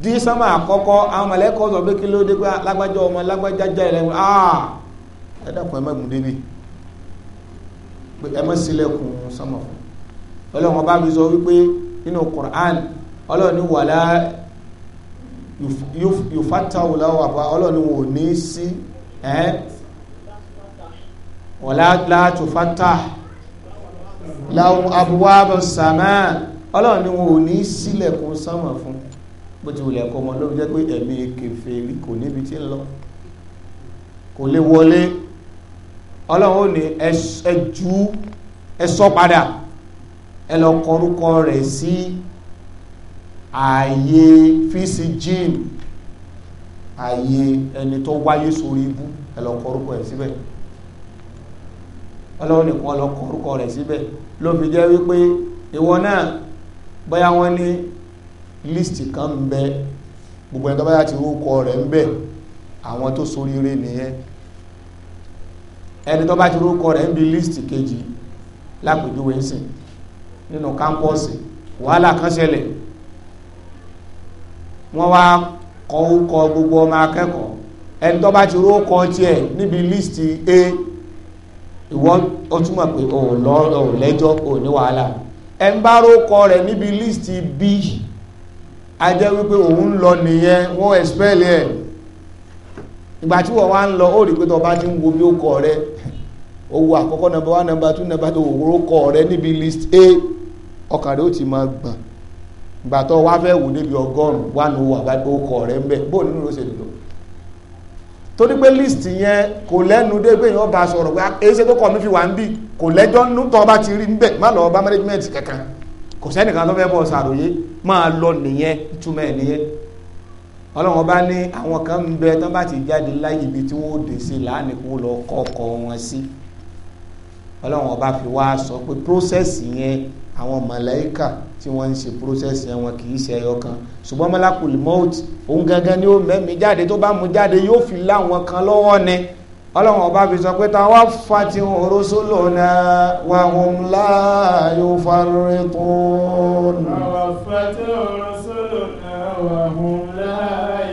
dí sánmà àkọ́kọ́ àwọn mọ̀lẹ́kà sọ pé kí ló dé pé lágbájá ọmọ lágbájá já ilẹ̀ ah ẹ dákun ẹ má gùn débi pé ẹ má sílẹ̀kùn sánmà fún ọlọ́run ọba mi sọ wípé nínú Qur'an ọlọ́run ní wàlá yòfàtàwò láwọn àbá ọlọ́ni wò ní sí ẹ́ wọ̀látòfàtà láwọn abúwábọ̀ sàmà ọlọ́ni wò ní sílẹ̀kùn sánmà fún bó ti wùlẹ̀ kọmọ ló jẹ́ pé ẹ̀mí kèfèrí kò níbi tí ń lọ kò lè wọlé ọlọ́run ò ní ẹjú ẹsọ padà ẹ lọ kọrúkọ rẹ̀ sí ààyè fíìsì jíìnì ààyè ẹni tó wáyé sórí ibú ẹlọ́kọ̀ọ́rùkọ ẹ̀ síbẹ̀ ọlọ́run nìkan ọlọ́kọ̀ọ́rùkọ rẹ̀ síbẹ̀ ló fi jẹ́ wípé ìwọ náà bóyá wọ́n ní líìsì kan ń bẹ gbogbo ẹni tó báyà ti rúkọ rẹ̀ ń bẹ àwọn tó sórí rẹ̀ nìyẹn ẹni tó bá ti rúkọ rẹ̀ ń bi líìsì kejì lápèjúwe ń sìn nínú kámpọ́ọ̀sì wàhálà kan ṣẹlẹ̀ wọ́n wá kọ orúkọ gbogbo ọmọ akẹ́kọ̀ọ́ ẹni tó bá ti rúkọ tiẹ̀ níbi list a ìwọ ó túmọ̀ pé ò lẹ́jọ́ ò ní wàhálà ẹni bá rú rẹ̀ níbi list b a jẹ́ wípé òun lọ nìyẹn wọ́n ẹ̀spẹ́lì ẹ̀ ìgbà tí wọ́n wá ń lọ ó rí pé tó bá ti ń wo bí ó kọ owó àkọ́kọ́ gbàtọ́ wá fẹ́ wò débi ọgọ́rùn-ún wà ní owó àbákọ́ rẹ̀ ń bẹ̀ bó nínú ló ṣe lò torí pé list yẹn kò lẹ́nu dé pé èèyàn bá sọ̀rọ̀ pé ah, èyí tó kọ̀ mí fi wà ń bì kò lẹ́jọ́ nínú tó ọba ti rí níbẹ̀ má lọ ọba management kankan kò sẹ́nìkan tó fẹ́ bọ́ ṣàròyé máa lọ nìyẹn ìtumọ̀ ẹ̀ nìyẹn ọlọ́run ọba ní àwọn kan ń bẹ tán bá ti jáde láyé ibi tí wọ́n dé sí láàánú kó lọ kọ́ ọkọ̀ wọn sí ọlọ́run ọba fi wá sọ pé process yẹn àwọn màláíkà tí wọ́n ń ṣe prósẹ́sì wọn kì í ṣe ẹyọ kan ṣùgbọ́n malakul maut òun gangan ni ó mẹ́mí jáde tó bá mú jáde yóò fi láwọn kan lọ́wọ́ ni ọlọ́run ọba fi sọ pé táwa fati rusuluna wa hum la yufarritun. táwa fati rusuluna wa hum la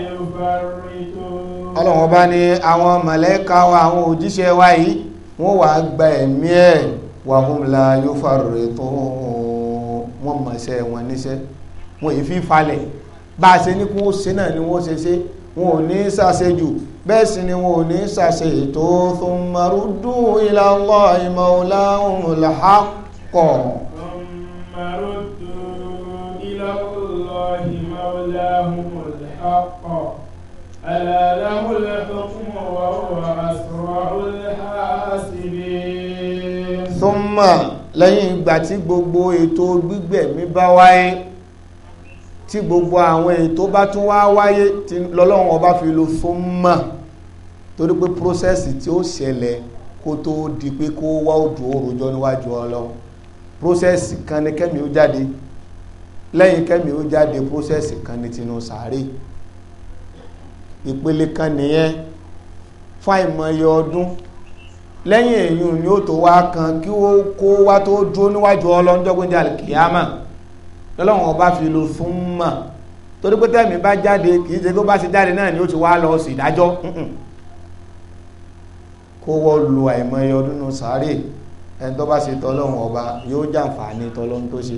yufarritun. ọlọ́run ọba ni àwọn màláíkà wa àwọn òjíṣẹ́ wa yìí wọ́n wàá gba ẹ̀mí ẹ̀ wàhùn la yóò fàrẹ̀ tó wọ́n mọ̀ ṣe wọn níṣẹ́ wọ́n yìí fi falẹ̀ bá a ṣe ní kí wọ́n ṣe náà ni wọ́n ṣe ṣe wọn ò ní ṣàṣejù bẹ́ẹ̀ sì ni wọn ò ní ṣàṣe ètò tó ń marú dùn ila Allahi mawlahumul haqq ألا له الحكم وهو أسرع الحاسبين súnmà lẹ́yìn ìgbà tí gbogbo ètò gbígbẹ̀mí bá wáyé tí gbogbo àwọn ètò bá tún wá wáyé tí lọ́lọ́run ọba fi lo súnmà torí pé prósẹ́sì tí ó ṣẹlẹ̀ kó tó di pé kó wá òdò òròjọ́ níwájú ọlọ́run prósẹ́sì kan ní kẹ́mi ó jáde lẹ́yìn kẹ́mi ó jáde prósẹ́sì kan ní tinú sàárè ìpele kan nìyẹn fáìmọye ọdún lẹ́yìn èyàn ni ó tó wá kan kí ó kó wá tó dúró níwájú ọlọ́njọ́gbọ́ndé alìkìyàmà lọ́lọ́wọ́n ọba fi lo súnmà torí pé tẹ́mi bá jáde kì í ṣe tó bá ṣe jáde náà ni ó ti wá lọ sí ìdájọ́ kó wọ́n lo àìmọye ọdún nù sáré ẹni tó bá ṣe tọ́lọ́hún ọba yóò jàǹfààní tọ́lọ́hún tó ṣe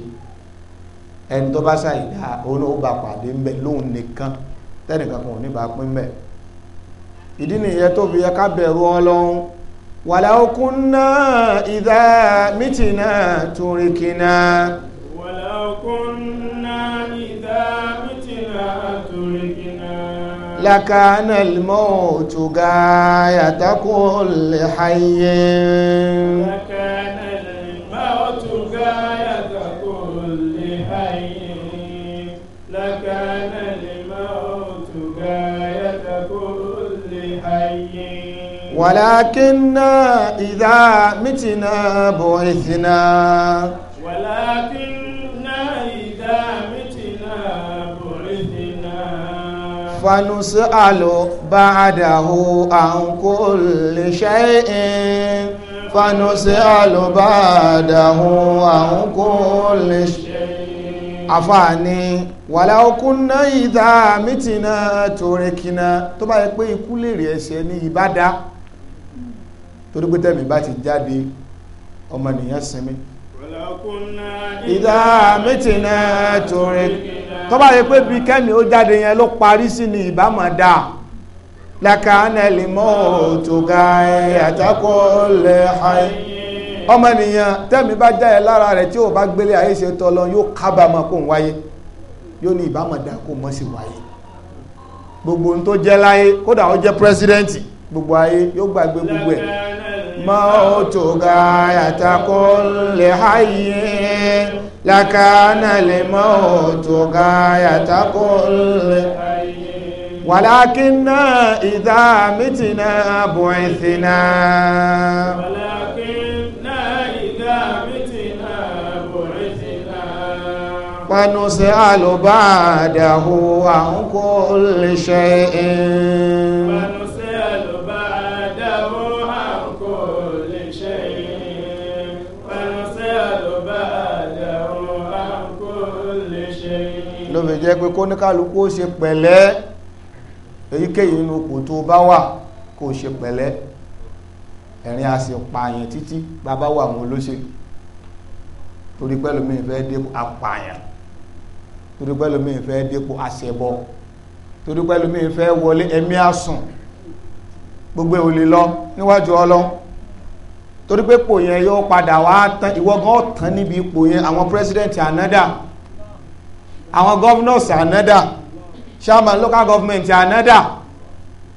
ẹni tó bá ṣàìdá olóògbà pàdé ń lóun nìkan tẹ́nìkan kan ò ní bá pín bẹ́ẹ̀ ìdí nìyẹn tó fi yẹ ká bẹ̀rù ọlọ́run ولو كنا إذا متنا تركنا ولو كنا إذا متنا تركنا لكان الموت غاية كل حي لك wàlákínà ìdá mítínà bọ̀ìsínà wàlákínà ìdá mítínà bọ̀ìsínà fanusí àlò bá àdáhù àǹkó lè ṣe in fanusí àlò bá àdáhù àǹkó lè ṣe in àfáàní wàláokúnná ìdá mítínà torikina tó bá yẹ pé ikú lè rí ẹ̀ṣẹ̀ ní ìbádá torí pé tẹ́mi bá ti jáde ọmọnìyàn sinmi ìdá mítìnà torí tọ́bá yẹ pé bí kẹ́mi ó jáde yẹn ló parí sí ni ìbámọ̀dá lákàánà lè mọ́ òtògá àtàkọ́ lè haì ọmọnìyàn tẹ́mi bá jáde lára rẹ̀ tí ó bá gbélé ayé ṣe tọ́lọ yóò kábàámọ̀ kó ń wáyé yóò ní ìbámọ̀dá kó mọ́ sí wáyé gbogbo ohun tó jẹ́ láyé kódà ó jẹ́ pírẹsidẹ́ǹtì gbogbo ayé yóò gbàgbé gbogbo ẹ̀ mọ́tò ga àtàkọ́ lè háyé lákàánà lè mọ́tò ga àtàkọ́ lè wàlákínà ìdá mítìnà bùnìtìnà wàlákínà ìdá mítìnà bùnìtìnà pẹ̀nusẹ́ àlùbáàdàhù àwọn kò lè ṣe ẹ̀ẹ́ jẹ́ pé kóníkálukú ó ṣe pẹ̀lẹ́ èyíkéyìí nínú kò tó bá wà kó ṣe pẹ̀lẹ́ ẹ̀rin a sì pààyàn títí bàbá wà wọn olóṣèlú torí pẹ́lú mi fẹ́ dépò apààyàn torí pẹ́lú mi fẹ́ dépò àṣẹbọ torí pẹ́lú mi fẹ́ wọlé ẹ̀mí àsùn gbogbo ìwòlè lọ níwájú ọlọ́run torí pé ipò yẹn yóò padà wá tán ìwọ́gán ọ̀tán níbi ipò yẹn àwọn pírẹsidẹ̀ntì ànádà àwọn governors another chairman local government another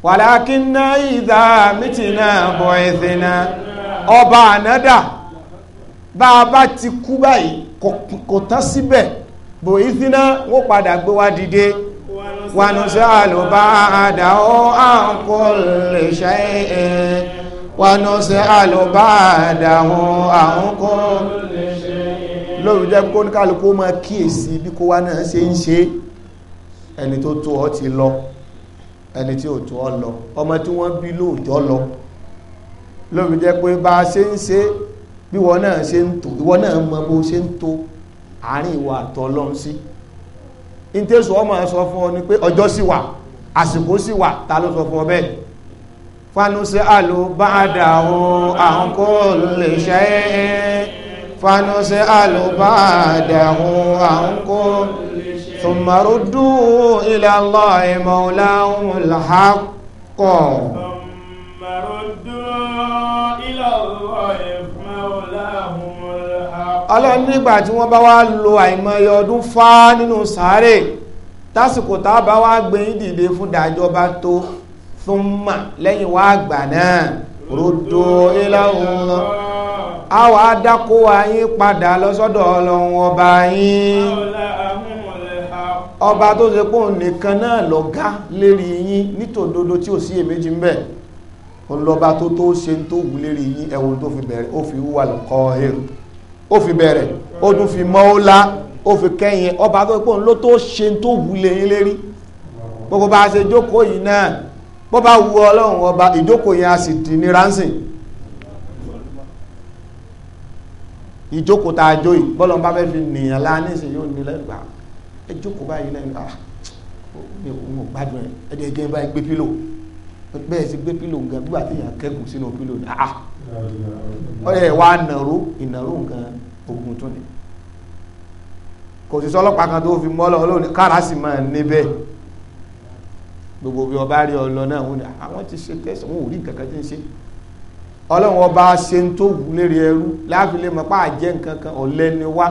wàlákínná ìdá mítínà bọ̀ ẹ̀sìnà ọba another bá a bá ti kú báyìí kò tán síbẹ̀ bò ìsìnà wọ́n padà gbé wá dìde wànúṣàlù bá àdáwọ́ àǹkó lè ṣe é wànúṣàlù bá àdáwọ́ àǹkó lórí jẹ́ kó kálukú mọ́ kíyèsí bí kó wá náà ṣe ń ṣe ẹni tó tó ọ ti lọ ẹni tí ò tó ọ lọ ọmọ tí wọ́n bí lóòjọ́ lọ lórí jẹ́ pé bá a ṣe ń ṣe bí wọ́n náà ṣe ń tó ìwọ náà mọ bó ṣe ń tó àárín ìwà àtọ́ lọ́n sí ìtẹ́sù ọmọ sọ fún ọ ni pé ọjọ́ sì wà àsìkò sì wà ta ló sọ fún ọ bẹ́ẹ̀ fanusẹ́ àlò bá dàrú àwọn kò lè fanuse alubadahu anko tumarudu ila allahi maulahu alhaqo. ọlọ́run nígbà tí wọ́n bá wá lo àìmọye ọdún fá nínú sáré tásìkò tá a bá wá gbé yín dìde fún dájọba tó súnmà lẹ́yìn wá àgbà náà rúdò ìlà òun lọ a wà á dákó wa yín padà lọ sọ́dọ̀ ọlọ́run ọba yín ọba tó ṣe pé òun nìkan náà lọ́gá lérí yín nítòdodo tí ò sí èméjì ń bẹ òun lọ́ba tó tó ṣe ń tó wù lérí yín ẹ̀wò tó fi bẹ̀rẹ̀ ó fi wà lọ́kọ́ èrò ó fi bẹ̀rẹ̀ ó tún fi mọ́ ó lá ó fi kẹ́yìn ọba tó ṣe ló tó ṣe ń tó wù léyìn lérí gbogbo bá a ṣe jókòó yìí náà bó bá wu ọlọ́run ọba ìjókòó yẹn a sì dì ní ránsìn ìjókòó tá a jó yìí bọ́lọ̀ bá fẹ́ fi nìyàn láàánú sí yóò ní lẹ́gbàá ẹ jókòó báyìí lẹ́yìn ah mi ò mọ̀ gbádùn ẹ ẹ dẹ̀ jẹ́ báyìí gbé pílò bẹ́ẹ̀ sì gbé pílò nǹkan bí wà á ti yàn kẹ́gùn sínú pílò ní ah ọ yẹ wá nàró ìnàró nǹkan ogun tún ni kò sí sọlọ́pàá kan tó fi mọ́lọ́ olóòní kára sì máa níbẹ̀ gbogbo bí ọba rí ọ lọ náà wọn àwọn ah, ti ṣe tẹ̀sán wọn ò rí nǹkan kan tí ń ṣe ọlọ́run ọba ṣe ń tó wù lérí ẹrú láàfin lè àjẹ́ nǹkan kan ọ̀lẹ́ ni wá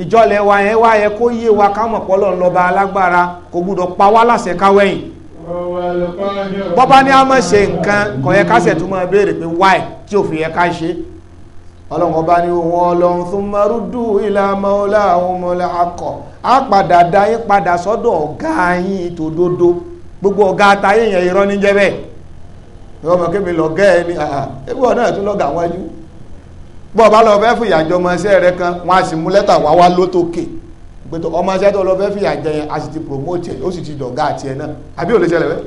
ìjọlẹ̀ wa yẹn wá yẹ kó yé wa ká mọ̀ pọ́ lọ́n lọ́ba alágbára kò gbúdọ̀ pa wá láṣẹ káwẹ́yìn bọ́bá ní a máa ṣe nǹkan kọ̀ yẹ káṣẹ̀ tó máa béèrè pé wáì tí ò fi yẹ ká ṣe ọlọ́run ọba ní wọn ọlọ́run tó máa rúdú ìlà mọ́lá àwọn ọmọlá akọ á padà dá yín padà sọ́dọ̀ ọ̀gá yín tòdodo gbogbo ọ̀gá atayé yẹn irọ́ níjẹ́ bẹ́ẹ̀ ìwọ́n mọ̀ kébì lọ gẹ́ ẹni ẹbí ah, ah, wọn náà tún lọ́gà wájú bọ́ ọba lọ fẹ́ fìyà jẹ ọmọọṣẹ́ rẹ kan wọn a sì mú lẹ́tà wá wá lótókè pẹ̀tọ́ ọmọọṣẹ́ tó lọ fẹ́ fìyà yẹn a sì ti promote ó sì ti dọ̀gá àti ẹ̀ náà àbí ò lè ṣẹlẹ̀ bẹ́ẹ̀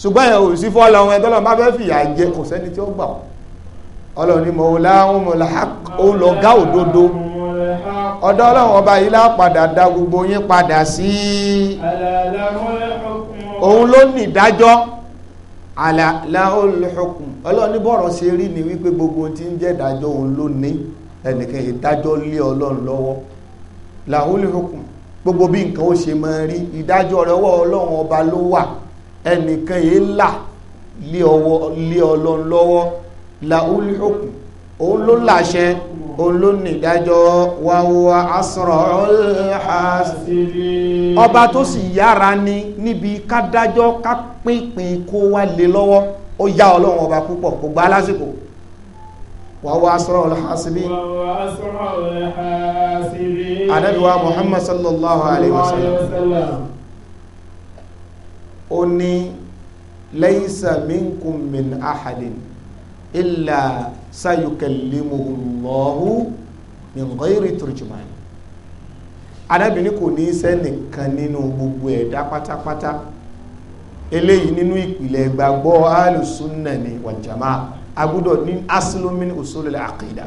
ṣùgbọ́n yẹn ò sí fọ́lọ́ wọn tọ́lọ́ bá fẹ́ fìyà jẹ kò sẹ́ni tí ó gbà wọn ọlọ́run ni mọ̀ọ́lá ń mọ̀ọ́lá ó lọ gá òdodo ọ̀dọ̀ ọlọ́run òun ló ní ìdájọ́ aláhùn ọlọ́run ní bọ́rọ̀ ṣe rí ni wípé gbogbo tí ń jẹ́ ìdájọ́ òun ló ní ẹnìkan ìdájọ́ lé ọlọ́run lọ́wọ́ làhùlùkùn gbogbo bí nǹkan ó ṣe máa rí ìdájọ́ rẹ̀ ọwọ́ ọlọ́run ọba ló wà ẹnìkan yìí là lé ọlọ́run lọ́wọ́ làhùlùkùn òun ló láṣẹ òun ló ní ìdájọ́ wàhùwà asra'ul hasibin ọba tó sì yára ni níbi ká dájọ́ ká pínpín kó wá lé lọ́wọ́ ó yá ọlọ́run ọba púpọ̀ kò gbà lásìkò wàhùwà asra'ul hasibin wàhùwà asra'ul hasibin sallallahu alayhi wa sallam ó ní laysa minkum min ahadin illa sayukallimuhullahu min ghayri turjuman arábìnrin kò ní sẹ́nìkan nínú gbogbo ẹ̀dá pátápátá eléyìí nínú ìpìlẹ̀ ìgbàgbọ́ alùsúnnà ni wàjàmá agbúdọ̀ ní asílómìn òṣòlẹ̀ àkìdá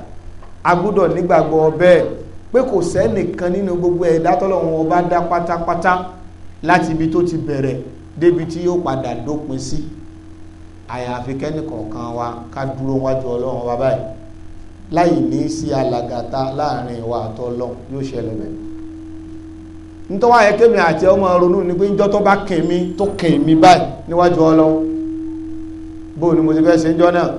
agbúdọ̀ nígbàgbọ́ bẹ́ẹ̀ pé kò sẹ́nìkan nínú gbogbo ẹ̀dá tọ́lọ́run ọba dá pátápátá láti ibi tó ti bẹ̀rẹ̀ débi tí yóò padà dópin sí àyàfi kẹ́nìkọ̀ọ̀kan wa ká dúró wájú ọlọ́run wa báyìí láì ní sí alàgàtà láàrin ìwà àtọ́ ọlọ́run yóò ṣẹlẹ̀ bẹ́ẹ̀ nítorí àyẹ kémi àti ọmọ ronú ni pé njọ́ tó bá kìn mí tó kìn mí báyìí níwájú ọlọ́run bóò ni mo ti fẹ́ ṣe ń jọ náà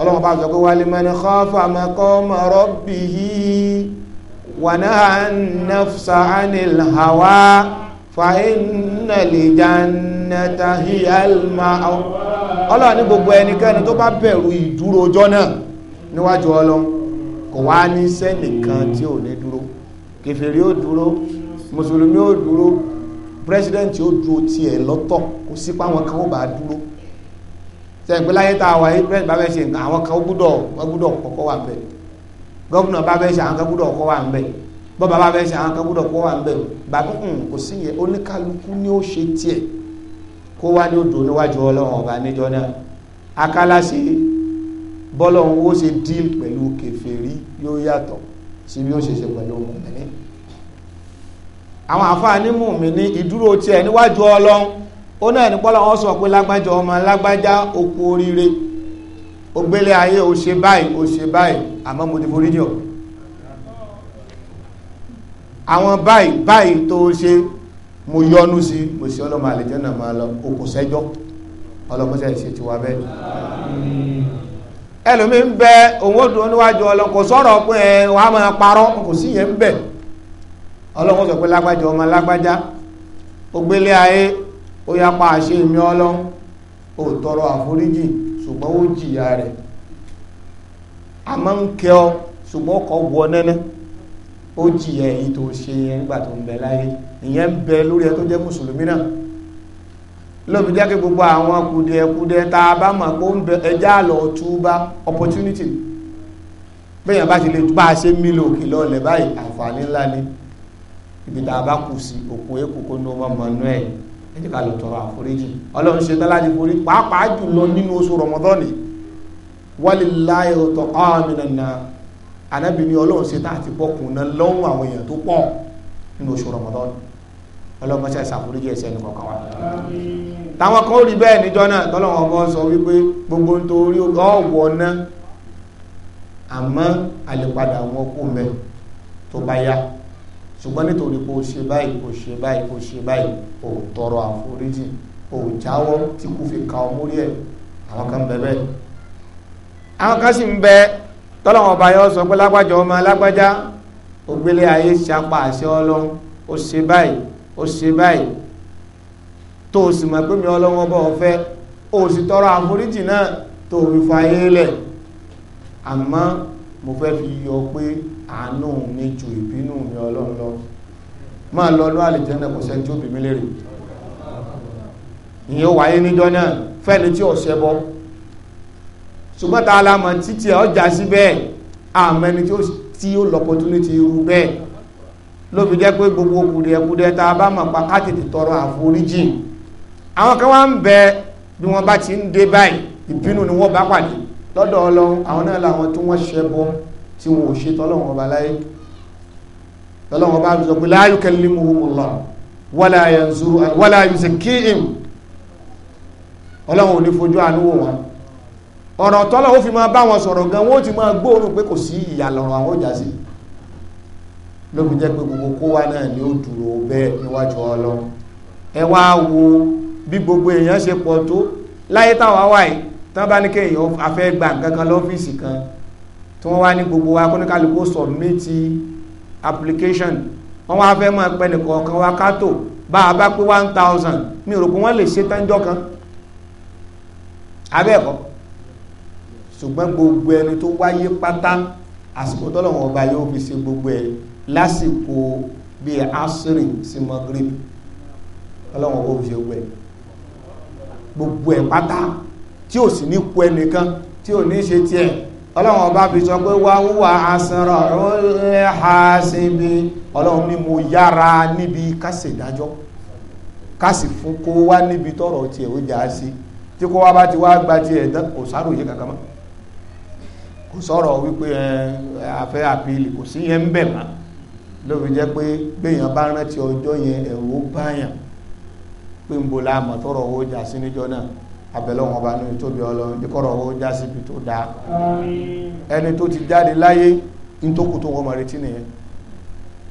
ọlọ́run bá sọ pé wà liman khafa maqama rabbihi wa naha nafsa anil hawa fa innal jannata hiyal ọlọ́run ní gbogbo ẹnikẹ́ni tó bá bẹ̀rù ìdúró ọjọ́ náà níwájú ọlọ́run kò wá ní sẹ́nìkan tí ò ní dúró kèfèrí ó dúró mùsùlùmí ó dúró president ó dúró tiẹ̀ lọ́tọ̀ kò sí páwọn kan ó bá dúró sẹ́gbẹ́ láyé tá a wà yí president bá fẹ́ ṣe nǹkan àwọn kan ó gbúdọ̀ gbúdọ̀ kọ́kọ́ wà bẹ̀ gọ́vùnà bá fẹ́ ṣe àwọn kan gbúdọ̀ kọ́kọ́ wà bẹ̀ bọ́ba bá ṣe àwọn kan gbúdọ̀ kọ́kọ́ wà bẹ̀ bàbá hmm, kò sí yẹ oníkálukú ni ó ṣe tiẹ̀ kó wá ní odò níwájú ọlọ́run ọba níjọ náà akálàṣe bọ́lọ́run ó ṣe díl pẹ̀lú kèfèrí yóò yàtọ̀ sí bí ó ṣe ṣe pẹ̀lú mùmíní àwọn àfáàní mùmíní ìdúró tiẹ̀ níwájú ọlọ́run ó náà ní bọ́lọ́run ó sọ pé lágbájá ọmọ lágbájá okú oríire ògbélé ayé ó ṣe báyìí ó ṣe báyìí àmọ́ mo ti forí jọ àwọn báyìí báyìí tó ṣe mo yọnu sí mo sì ọlọ́mọ àlejò náà máa lọ okùn sẹ́jọ́ ọlọ́mọsẹ́ ìṣe ti wá bẹ́ẹ̀ ẹlòmí ń bẹ òun ó dùn níwájú pé ẹ wà á máa kò sí yẹn ń bẹ sọ pé lágbájá ọmọ lágbájá ògbélé ayé ó pa àṣẹ ìyẹn ń bẹ lórí ẹ tó jẹ́ mùsùlùmí náà lóbi jẹ́ kí gbogbo àwọn kùdìẹ̀kùdìẹ̀ tá a bá mọ̀ pé ó ń bẹ ẹjá lọ túbá opportunity bẹ́yàn bá ti lè bá a ṣe mílò òkè lọ́ọ̀lẹ̀ báyìí àǹfààní ńlá ni ibi tá a bá kù sí òkú èkó kó ní ọmọ manuel ẹjẹ ká lọ tọrọ àforíjì ọlọ́run ṣe tán láti forí pàápàá jùlọ nínú ọlọ́mọṣẹ́ ṣàforíjì ẹ̀ṣẹ̀ ní kọ̀ọ̀kan wa táwọn kan ó rí bẹ́ẹ̀ níjọ́ náà tọ́lọ́wọ́n kan sọ wípé gbogbo nítorí ọ̀wọ́ náà àmọ́ àlepadà wọn kú mẹ́ tó bá yá ṣùgbọ́n nítorí pé o ṣe báyìí o ṣe báyìí o ṣe báyìí o tọrọ àforíjì o jáwọ́ tí kú fi ka ọmú rí ẹ̀ àwọn kan bẹ bẹ́ẹ̀ àwọn kan sì ń bẹ tọ́lọ́wọ́n bá yọ sọ pé lágbájá ọmọ lágbájá ògbélé ayé ṣapá àṣẹ ọlọ́run ó ṣe báyìí ó ṣe báyìí tó o sì mọ̀ pé mi ọlọ́wọ́ bọ́ ọ fẹ́ o sì tọrọ àforíjì náà tó o fi fa ayé lẹ̀ àmọ́ mo fẹ́ fi yọ pé àánú mi ju ìbínú mi ọlọ́run lọ máa lọ lọ kò sẹ́ni tí ó bì mí lérè ìyẹn wáyé níjọ́ náà fẹ́ni tí ò ṣẹbọ ṣùgbọ́n tá la mọ̀ títí ọjà sí bẹ́ẹ̀ àmọ́ ẹni tí ó lọ́pọ̀ ní ti irú bẹ́ẹ̀ ló fi jẹ́ pé gbogbo kùdìẹ̀kùdìẹ̀ tá a bá mọ̀ pa ká tètè tọrọ àforíjì àwọn kan wá ń bẹ bí wọ́n bá ti ń dé báyìí ìbínú ni wọ́n bá pàdé lọ́dọ̀ ọlọ́run àwọn náà làwọn tí wọ́n ṣẹbọ tí wọn ò ṣe tọ́lọ́wọ́n ọba láyé tọ́lọ́wọ́n bá sọ pé la yukallimuhumullah wala yanzuru wala yuzakkihim ọlọ́run ò ní fojú àánú wò wọn ọ̀rọ̀ tọ́lọ́wọ́ fi máa bá wọn sọ̀rọ̀ gan wọ́n ti máa gbóòórùn pé kò sí ìyà àwọn ìjà sí i ló fi jẹ́ pé gbogbo kó wá náà ni ó dúró bẹ́ẹ̀ níwájú ọlọ́run ẹ wá wo bí gbogbo èèyàn ṣe pọ̀ tó láyé táwa wà yìí tán bá ní kéèyàn afẹ́ gba nǹkan lọ́fíìsì kan tí wọ́n wá ní gbogbo wa kóníkàlùkù sọ̀mìtì application wọ́n wá fẹ́ mọ̀ pẹ́ nìkan kan wá kátó bá a bá pé one thousand mi ò rò pé wọ́n lè ṣe tán jọ́ kan abẹ́ẹ̀kọ́ ṣùgbọ́n gbogbo ẹni tó wáyé pátá àsìkò tọ́lọ́wọ́n ọba yóò fi ṣe gbogbo ẹ̀ lásìkò bíi asiri sí magrib ọlọ́wọ́n ó fi owó ẹ̀ gbogbo ẹ̀ pátá tí ò sì ní kú ẹnìkan tí ò ní ṣe tiẹ̀ ọlọ́wọ́n ọba fi sọ pé wá wúwa asọ̀rọ̀ ọlẹ́hàṣẹ́bí ọlọ́wọ́n ní mo yára níbi kásìdájọ́ kásì fún kó wá níbi tọrọ tiẹ̀ ó jà sí tí kó wá bá ti wá gba tiẹ̀ dán kò sáròyé kankan mọ́ kò sọ̀rọ̀ wípé ẹ afẹ́ àpìlì kò sí yẹn ń bẹ̀ mọ́ ló fi jẹ́ pé béèyàn bá rántí ọjọ́ yẹn ẹ̀rù báyàn pé ń bo láàmọ̀ tọrọ owó jà sí níjọ náà abẹ́lọ́wọ́n ọba ní tóbi ọlọ́run jíkọ́rọ̀ owó já síbi tó dáa ẹni tó ti jáde láyé ní tó kù tó wọ́n mọ̀ retí nìyẹn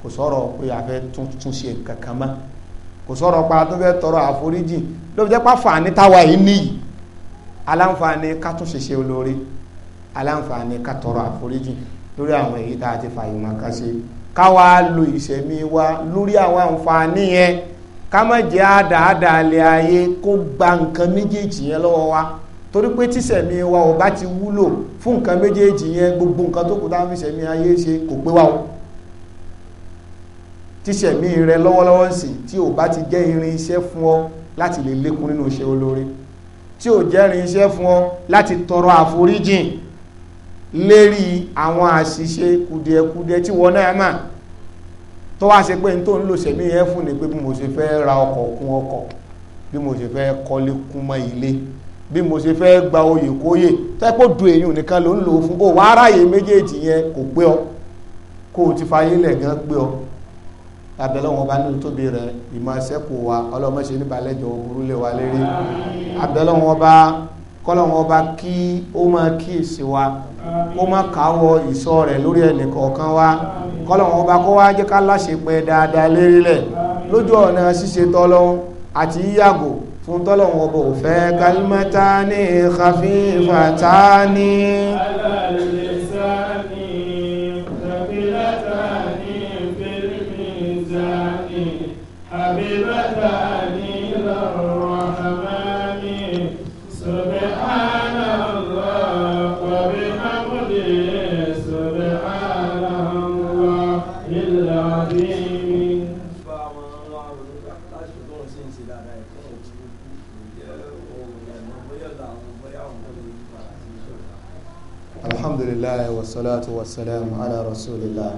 kò sọ̀rọ̀ pé a fẹ́ tún ṣe kankan mọ́ kò sọ̀rọ̀ pa tó fẹ́ tọrọ àforíjì ló fi jẹ́ pàfààní yìí níyì aláǹfààní ká tún ṣe ṣe olóore aláǹfààní ká tọrọ àforíjì lórí àwọn èyí tá a ti fàyè wọn ká ká wá lo ìṣẹ̀mí wa lórí àwọn àǹfààní yẹn ká má jẹ́ àdáadáa lè ayé kó gba nǹkan méjèèjì yẹn lọ́wọ́ wa torí pé tíṣẹ̀mí wa ò bá ti wúlò fún nǹkan méjèèjì yẹn gbogbo nǹkan tó kù táwọn fíṣẹ̀mí ayé ṣe kò pé wa o tíṣẹ̀mí rẹ lọ́wọ́lọ́wọ́ sí tí ò bá ti jẹ́ irin iṣẹ́ fún ọ láti lè lékún nínú iṣẹ́ olóore tí ò jẹ́ irin iṣẹ́ fún ọ láti tọrọ àforíjìn lérí àwọn àṣìṣe kùdìẹ̀kùdìẹ̀ tí wọ́n náà mà tó wá ṣe pé n tó ń lò sẹ́mi yẹn fún ni pé bí mo ṣe fẹ́ ra ọkọ̀ kún ọkọ̀ bí mo ṣe fẹ́ kọ́lé kún mọ́ ilé bí mo ṣe fẹ́ gba oyè kóyè tẹ́pọ̀ du èyàn nìkan ló ń lò fún kó wàá ráyè méjèèjì yẹn kò gbé ọ kó o ti fayé lẹ̀ gan gbé ọ abẹ́lẹ́ wọn bá ní tóbi rẹ̀ ìmọ̀ ṣẹ́kù wa ọlọ́mọṣẹ́ níbalẹ̀ jọ burúlé wa lérí abẹ́lẹ́ wọn bá kọ́lọ́wọ́n ọba kí ó máa kíyèsí wa kó má káwọ́ ìṣọ́ rẹ̀ lórí ẹnìkọ̀ọ̀kan wa kọ́lọ́wọ́n ọba kó wá jẹ́ ká láṣepẹ́ dáadáa lérílẹ̀ lójú ọ̀nà ṣíṣe tọ́lọ́hún àti yíyàgò fún tọ́lọ́wọ́n ọba òfẹ́ kalimatani khafifatani. wasalaatu wasalaamu ala rasulillah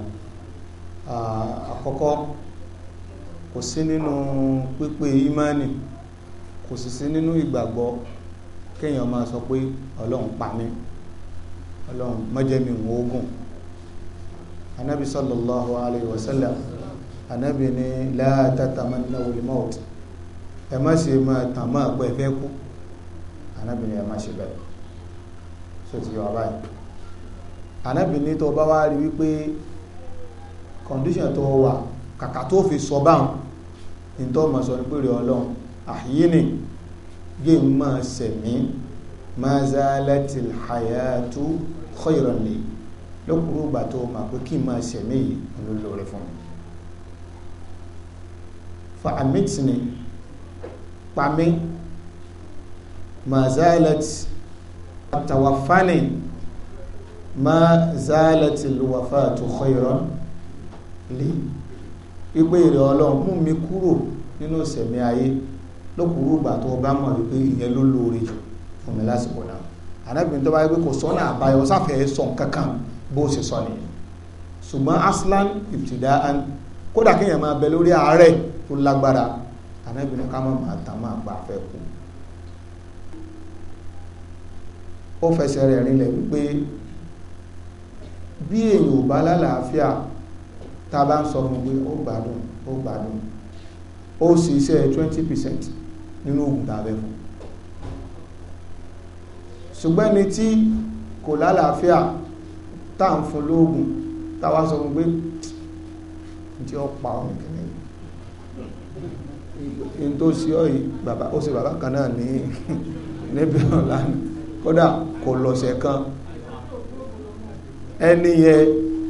àkọ́kọ́ kò sí nínú pípé ìmánì kò sì sí nínú ìgbàgbọ́ kéèyàn máa sọ pé ọlọ́run pa mí ọlọ́run mọ́jẹ́mi ń ogun anabi sallallahu alayhi wa sallam anabi ni látàtàmánà olùmọ́ọ̀t ẹ má ṣe máa tàn máa pẹ́ fẹ́ kú anabi ni ẹ má ṣe bẹ́ẹ̀ ṣe ti yọ abáyé anábìnrin tó bá wá rí wípé condition tó wà kàkà tó fi sọ báhùn ní tó mọ̀ sọ nípé rẹ̀ ọlọ́run àyíní gé mọ́ sẹ̀mí máa zálẹ́tì hayatu khayran li lókùrú ìgbà tó mà pé kí máa sẹ̀mí yìí olólórí fún mi fa amitini pami mazalati atawafani ma zalatil wafatu khayran li ipe ìrẹ̀ ọlọ́run mú mi kúrò nínú ìsẹ̀mí ayé lókùrú ìgbà tó bá mọ̀ wípé ìyẹn ló lóore fún mi lásìkò náà arábìnrin tó bá wípé kò sọ́nà àbáyọ sáfẹ́ sọ kankan bó ṣe sọ nìyẹn ṣùgbọ́n aslan ibtidaan kódà kéèyàn máa bẹ lórí àárẹ̀ tó lágbára arábìnrin ká má máa tàn máa gbà fẹ́ kú ó fẹsẹ̀ rẹ̀ rinlẹ̀ wípé bí èyàn ò bá lálàáfíà ta bá ń sọ fún pé ó gbádùn ó gbádùn ó sì iṣẹ́ 20% nínú oògùn tàbẹ́ fún ṣùgbọ́n ni tí kò lálàáfíà tá ń fún lóògùn táwa sọ fún pé tí ó pa ọmọ kìíní in tó sí ọ yìí ó sì bàbá kan náà ní níbi ọ̀la kódà kò lọ̀sẹ̀ kan ẹni yẹ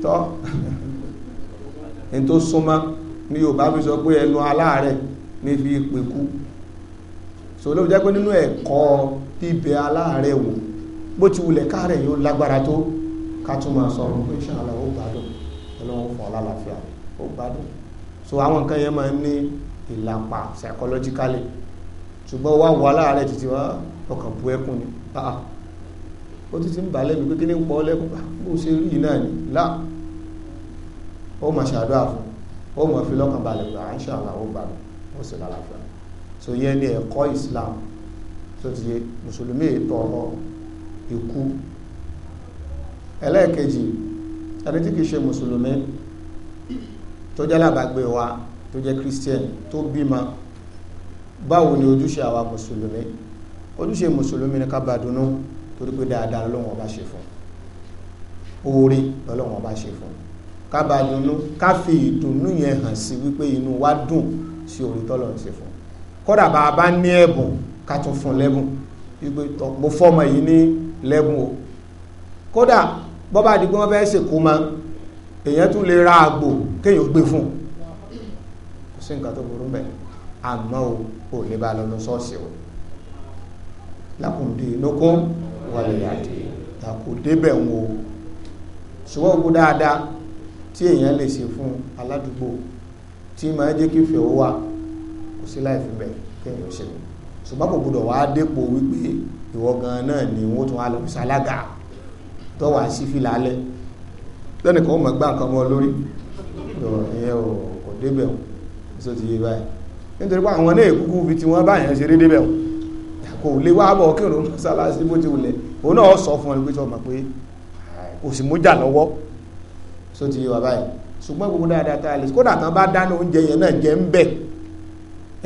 tọ́ ẹni tó súnmọ́ ní Yorùbá fi sọ pé ẹnu aláàárẹ̀ ní fi pè kú so ló jẹ́ pé nínú ẹ̀kọ́ bíbẹ aláàárẹ̀ wò bó ti wulẹ̀ káàrẹ̀ yóò lágbára tó ká tún máa sọ̀rọ̀ pé ṣàlọ́ ó gbádùn ọlọ́run fún ọlálàáfíà ó gbádùn so àwọn nǹkan yẹn máa ń ní ìlàpà psychologically ṣùgbọ́n wá wà láàárẹ̀ títí wá ọkàn bu ẹkún ni ó ti ti ń bà lẹ́bi pé kí ní ń pọ́ lẹ́kùn ah, bó ṣe rí náà ni lá ó mọ̀ ṣàdúrà fún ó mọ̀ fi lọ́kàn balẹ̀ pé à ah, ń ṣàlà ó gbà ó sì lálàáfíà so yẹn ni ẹ̀kọ́ Islam tó ti yé mùsùlùmí ètò ọ̀rọ̀ ikú ẹlẹ́ẹ̀kejì ẹni tí kìí ṣe mùsùlùmí tó jẹ́ alábàágbé wa tó jẹ́ christian tó bímọ báwo ni ojúṣe àwa mùsùlùmí ojúṣe mùsùlùmí ni ká bá torí pé dáadáa lọ́wọ́n bá ṣe fún oore lọ́wọ́n bá ṣe fún kába dùnú ká fi ìdùnnú yẹn hàn sí wípé inú wa dùn sí oore tọ́lọ̀ ń ṣe fún kódà bá a bá ní ẹ̀bùn ká tún fún lẹ́bùn wípé mo fọ́mọ yìí ní lẹ́bùn o kódà bọ́bá àdìgbò wọn fẹ́ ṣèkó ma èèyàn tún lè ra àgbò kéèyàn gbé fún kò sí nǹkan tó burú bẹ́ẹ̀ àmọ́ o ò ní bá lọ lọ sọ́ọ̀sì o lákùndín wọlé àti tàkù débẹ̀ ń wo ṣùgbọ́n gbogbo dáadáa tí èèyàn lè ṣe fún aládùúgbò tí máa jẹ́ kí fẹ́ ó wà kò sí láì fi bẹ̀ kéèyàn ṣe ṣùgbọ́n kò gbọdọ̀ wá dépò wípé ìwọ gan náà ni wọ́n tún wá lọ fi ṣalága tó wà sí fìlà alẹ́ lẹ́nìkan ó mọ̀ gbá nǹkan mọ́ lórí ìyẹn ò kò débẹ̀ ò sọ ti yé báyìí nítorí pé àwọn náà èkúkú fi tí wọ́n báyìí ṣe rí débẹ̀ ò kò lè wá bọ̀ kí òun mọ́sálásí bó ti wulẹ̀ òun náà sọ fún ẹni pé sọ mọ̀ pé kò sì mújà lọ́wọ́ só ti wà báyìí ṣùgbọ́n gbogbo dáadáa tá a lè kódà tán bá dáná oúnjẹ yẹn náà jẹ́ ń bẹ̀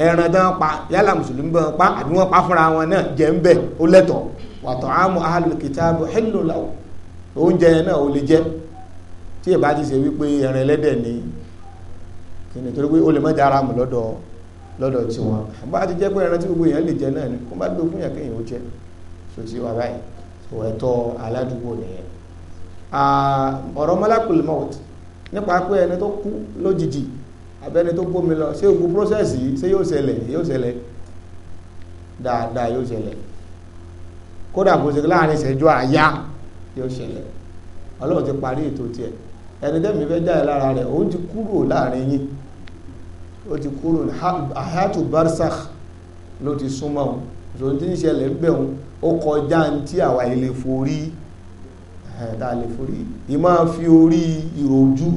ẹran tán pa yálà mùsùlùmí bá pa àbí wọ́n pa fúnra wọn náà jẹ́ ń bẹ̀ ó lẹ́tọ̀ọ́ wàtọ̀ àmọ́ ahlul kitab halal làwọn oúnjẹ yẹn náà ó lè jẹ́ tí ìbá ti ṣe wípé ẹran ẹlẹ́dẹ̀ ni kìnnìtorí pé ó lè mọ́ dára mọ̀ lọ́dọ̀ lọ́dọ̀ tí wọn bá ti jẹ́ pé ẹran tí gbogbo èèyàn lè jẹ náà ni kó bá gbé fún kéèyàn ó jẹ so wà báyìí ẹ̀tọ́ aládùúgbò nìyẹn ọ̀rọ̀ malakul maut nípa pé ẹni tó kú lójijì abẹ́ni tó bómi lọ ṣé òkú prọ́sẹ̀sì ṣé yóò ṣẹlẹ̀ yóò ṣẹlẹ̀ dáadáa yóò ṣẹlẹ̀ kódà kò sí láàrin ìṣẹ́jú àyá yóò ṣẹlẹ̀ ọlọ́run ti parí ètò tiẹ̀ ẹni tẹ́mi fẹ́ jáde lára rẹ̀ òun ti kúrò láàrin yín ó ti kúrò hayatu barzakh ló ti súnmọ́ òun ìṣòro tí ń ṣẹlẹ̀ ń bẹ̀ òun ó kọjá ní tí àwa ilé forí ẹ̀ẹ́dá lè forí ìmọ̀ fi orí ìròjú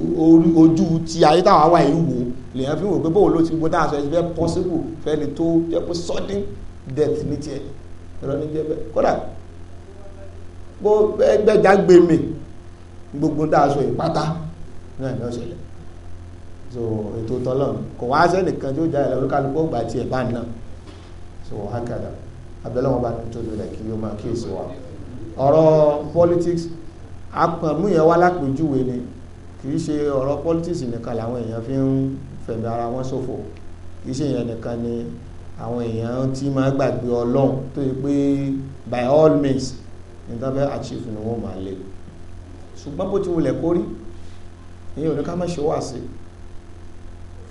ojú ti ayé táwa wà yìí wò lèyàn fi wò pé bóun ló ti gbó dáhà sọ ẹ̀ṣẹ̀ possible fẹ́ni tó jẹ́ pé sudden death ní tiẹ̀ ẹ̀rọ ní jẹ́ bẹ́ẹ̀ kódà bó ẹgbẹ́jà gbé mi gbogbo dáhà sọ ìpátá náà ní ọ̀ṣẹ̀lẹ̀ so ètò tọ́lọ̀ kò wá sẹ́nìkan tí ó jáde lọ olúkálukú ọgbà tiẹ̀ bá ń náà so hákàdà abẹ́lẹ́ wọn bá tó lulẹ̀ kí ó máa kíyèsí wa ọ̀rọ̀ politics apọ̀mú yẹn wá lápèjúwe ni kì í ṣe ọ̀rọ̀ politics nìkan làwọn èèyàn fi ń fẹ̀mí ara wọn ṣòfò kì í ṣe èèyàn nìkan ni àwọn èèyàn tí máa gbàgbé ọlọ́run tó yẹ pé by all means nígbà fẹ́ achieve ni wọ́n máa lè ṣùgbọ́n bó ti wulẹ̀ kórí ìyẹn ò ní ká má ṣe wá sí i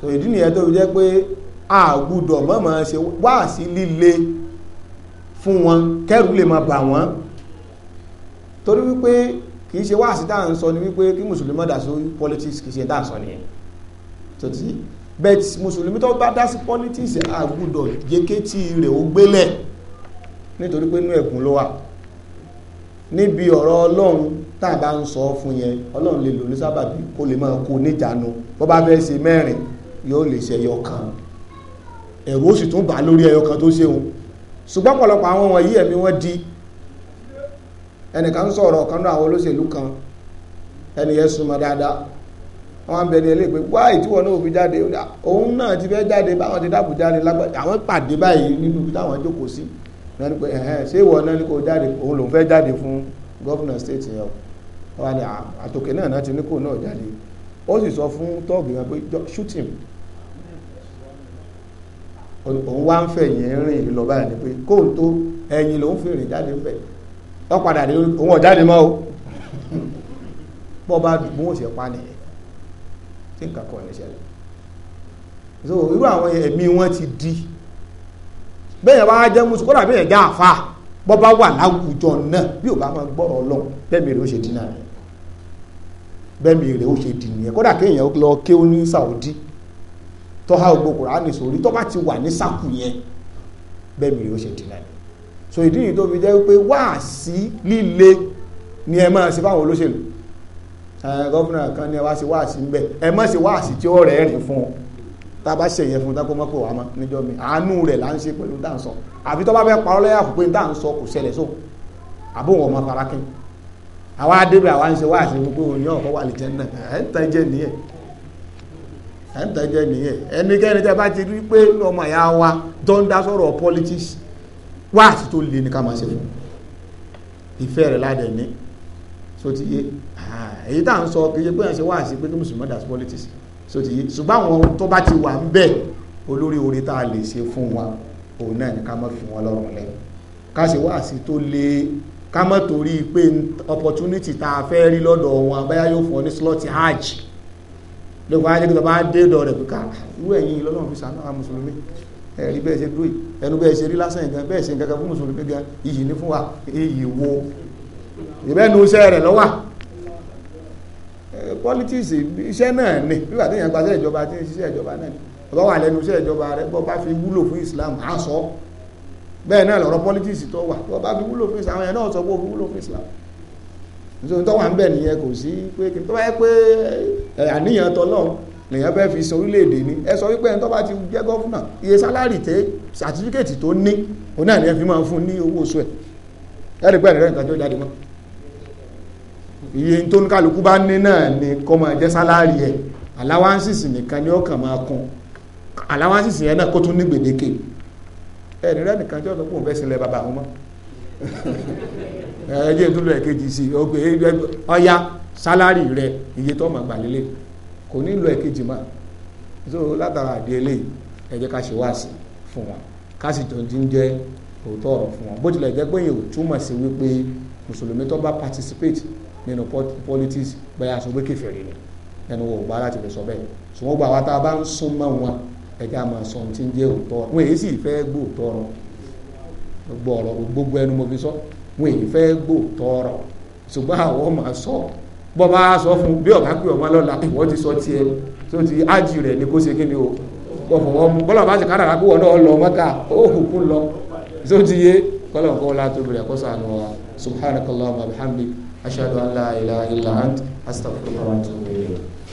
so ìdí nìyẹn tó fi jẹ́ pé àgùdọ̀ mọ́mọ́ ṣe wáàsí líle fún wọn kẹ́rù lè máa bà wọ́n torí wípé kìí ṣe wáàsí tá à ń sọ ni wípé kí mùsùlùmí dá sí politics kìí ṣe tá sọ nìyẹn tó ti bet mùsùlùmí tó bá dá sí politics àgùdọ̀ yékétí rẹ̀ ó gbélẹ̀ nítorí pé inú ẹ̀kún ló wà níbi ọ̀rọ̀ ọlọ́run tá a bá ń sọ fún yẹn ọlọ́run lè lò ní sábàbí kó lè máa kó níjànú bó fẹ́ ṣe mẹ́rin yóò lè ṣe ẹyọ kan ẹ̀rù ó sì tún bà lórí ẹyọ kan tó ṣeun ṣùgbọ́n pọ̀lọpọ̀ àwọn wọ̀nyí ẹ̀mí wọn di ẹnìkan sọ̀rọ̀ kan náà àwọn olóṣèlú kan ẹnìyẹn súnmọ́ dáadáa àwọn abẹni ilé pé wá ìtíwọ̀ náà fi jáde ah, òun náà ti fẹ́ jáde báwọn ti dábò jáde lágbàdì àwọn pàdé báyìí nínú ibi táwọn jókòó sí náà ni pé ẹ̀hẹ́n ṣé ìwọ náà ni kò jáde òun lòun fẹ́ jáde fún gọ́vùnà stéètì yẹn wà ní ah, àtòkè náà náà ti ní kò náà jáde ó sì sọ fún tọ́ọ̀gì yẹn pé shoot him òun wá ń fẹ̀yìn rìn lọ báyìí ni pé kóun tó ẹ̀yìn lòun fi rìn jáde ń bẹ̀ lọ́padà ní òun ọ̀jáde mọ́ o bọ́ bá dùn bóun ṣe pa nìyẹn tí nǹkan kan ní ṣẹlẹ̀ so irú àwọn ẹ̀mí wọn ti di bẹ́ẹ̀ wá jẹ́ musu kódà bẹ́ẹ̀ jẹ́ àfa bọ́ bá wà láwùjọ náà bí ò bá máa gbọ́rọ̀ ọlọ́run bẹ́ẹ̀ mi ó ṣe dín náà bẹ́ẹ̀ mi ó ṣe dín nìyẹn kódà kéèyàn lọ kéwọn ní Saudi tọ́ha gbogbo kùránì sórí tó bá ti wà ní sákù yẹn bẹ́ẹ̀ mi yóò ṣe dínà ni so ìdí yìí tó fi jẹ́ pé wáàsí líle ni ẹ máa ṣe fáwọn olóṣèlú gọ́fúnà kan ni ẹ wá ṣe wáàsí ń bẹ ẹ má ṣe wáàsí tí ó rẹ̀ rìn fún ọ tá a bá ṣe yẹn fún tá kó mọ́ pé wàá mọ́ níjọ́ mi àánú rẹ̀ là ń ṣe pẹ̀lú tá à ń sọ àbí tó bá fẹ́ parọ́ lẹ́yà fún pé tá à ń sọ kò ṣẹlẹ̀ só àbó wọn máa fara àwa adébẹ̀ àwa ń ṣe wáàsí wípé òun yóò kọ́ wà lè jẹ́ náà ẹ̀ ń tẹ́jẹ́ nìyẹn ẹ̀ ń tẹ́jọ́ nìyẹn ẹnikẹ́ni tẹ́ bá ti rí pé ọmọ ìyá wa tó ń dá sọ̀rọ̀ politics wá àti tó le ní ká máa ṣe fún ìfẹ́ rẹ̀ ládẹ̀ ní so ti yé ah, èyí tá à ń sọ kì í ṣe pé ẹ̀ ń ṣe wá àti pé kí mùsùlùmí dá politics so ti yé ṣùgbọ́n àwọn tó bá ti wà ń bẹ̀ olórí orí tá lè ṣe fún wa òun náà ni ká má wọn lọ́rùn lẹ́yìn ká wá àti tó le ká torí pé opportunity tá a fẹ́ rí lọ́dọ̀ wọn abáyá yóò fún ọ ní slot hajj lóko ajé kí lọ́ba dé dọ̀ rẹ̀ kíkà irú ẹ̀yìn lọ́lọ́run fi sànú àwọn mùsùlùmí ẹ̀rí bẹ́ẹ̀ ṣe dúró yìí ẹnu bẹ́ẹ̀ ṣe rí lásán ìgbà bẹ́ẹ̀ ṣe nǹkan fún mùsùlùmí gan iyì ní fún wa iyì wo ìbẹ́nu iṣẹ́ rẹ̀ lọ́wà politics iṣẹ́ náà ni nígbà tí èèyàn gbaṣẹ́ ìjọba tí ń ṣiṣẹ́ ìjọba náà ni ọba wà lẹ́nu iṣẹ́ ìjọba rẹ̀ bọ́ bá fi wúlò fún Islam á sọ bẹ́ẹ̀ náà lọ́rọ̀ politics tó wà bọ́ bá fi wúlò fún Islam àwọn èèyàn náà sọ pé ó fi wúlò fún Islam nítorí tó wà ń bẹ̀ nìyẹn kò sí pé kí tó bá yẹ pé àníyàn tọ́lọ́run lèyàn fẹ́ fi sorílẹ̀-èdè ní ẹ sọ wípé ẹni tó bá ti jẹ́ gọ́fúnà iye sálárì tẹ sàtífíkẹ̀tì tó ní òun náà ni ẹ fi máa fún ní owó oṣù ẹ̀ ẹ̀rì pẹ́ ẹ̀rẹ́ nǹkan tó mọ́ iye tó ní kálukú bá ní náà ni kọ́ máa jẹ́ sálárì ẹ̀ aláwáńsìsì nìkan ni ó kàn máa kún aláwáńsìsì yẹn náà kó tún ní gbèdéke ẹ̀rì rẹ́ nìkan tó lọ́pọ̀ òun fẹ́ sílẹ̀ bàbá àwọn mọ́ ẹjẹ tó lọ ẹ̀kejì sí ọgbẹ ọya sálárì rẹ iye tó gbà kò ní lọ ẹ̀kejì ma so látara àdé eléyìí ẹ ká ṣe wá sí fún wọn ká sì jọ ti ń jẹ́ fún bó tilẹ̀ jẹ́ pé ò túmọ̀ sí wípé mùsùlùmí tó bá participate nínú politics bẹ́ẹ̀ aṣọ pé kẹfẹ́rẹ́ ni ẹnu wo gbá láti lè sọ bẹ́ẹ̀ ṣùgbọ́n gbà wá tá a bá ń sún mọ́ wọn ti ń wọn èyí fẹ́ gbòòtọ́ ọ̀rọ̀ ṣùgbọ́n àwọn ọmọ sọ bọ́ bá sọ fún bí ọ̀gá pé ọmọ lọ́la ìwọ́n ti sọ tiẹ̀ tó ti ájì rẹ̀ ni kó ṣe kí ni o ọ̀fọ̀wọ́ mu bọ́lá bá ti kára rà kúwọ́ náà lọ mọ́ta ó hù kú lọ tó ti yé kọ́lọ̀ kọ́ la tóbi rẹ̀ kó sànù wa subhanakallahumma wa bihamdik ashhadu an la ilaha illa ant astaghfiruka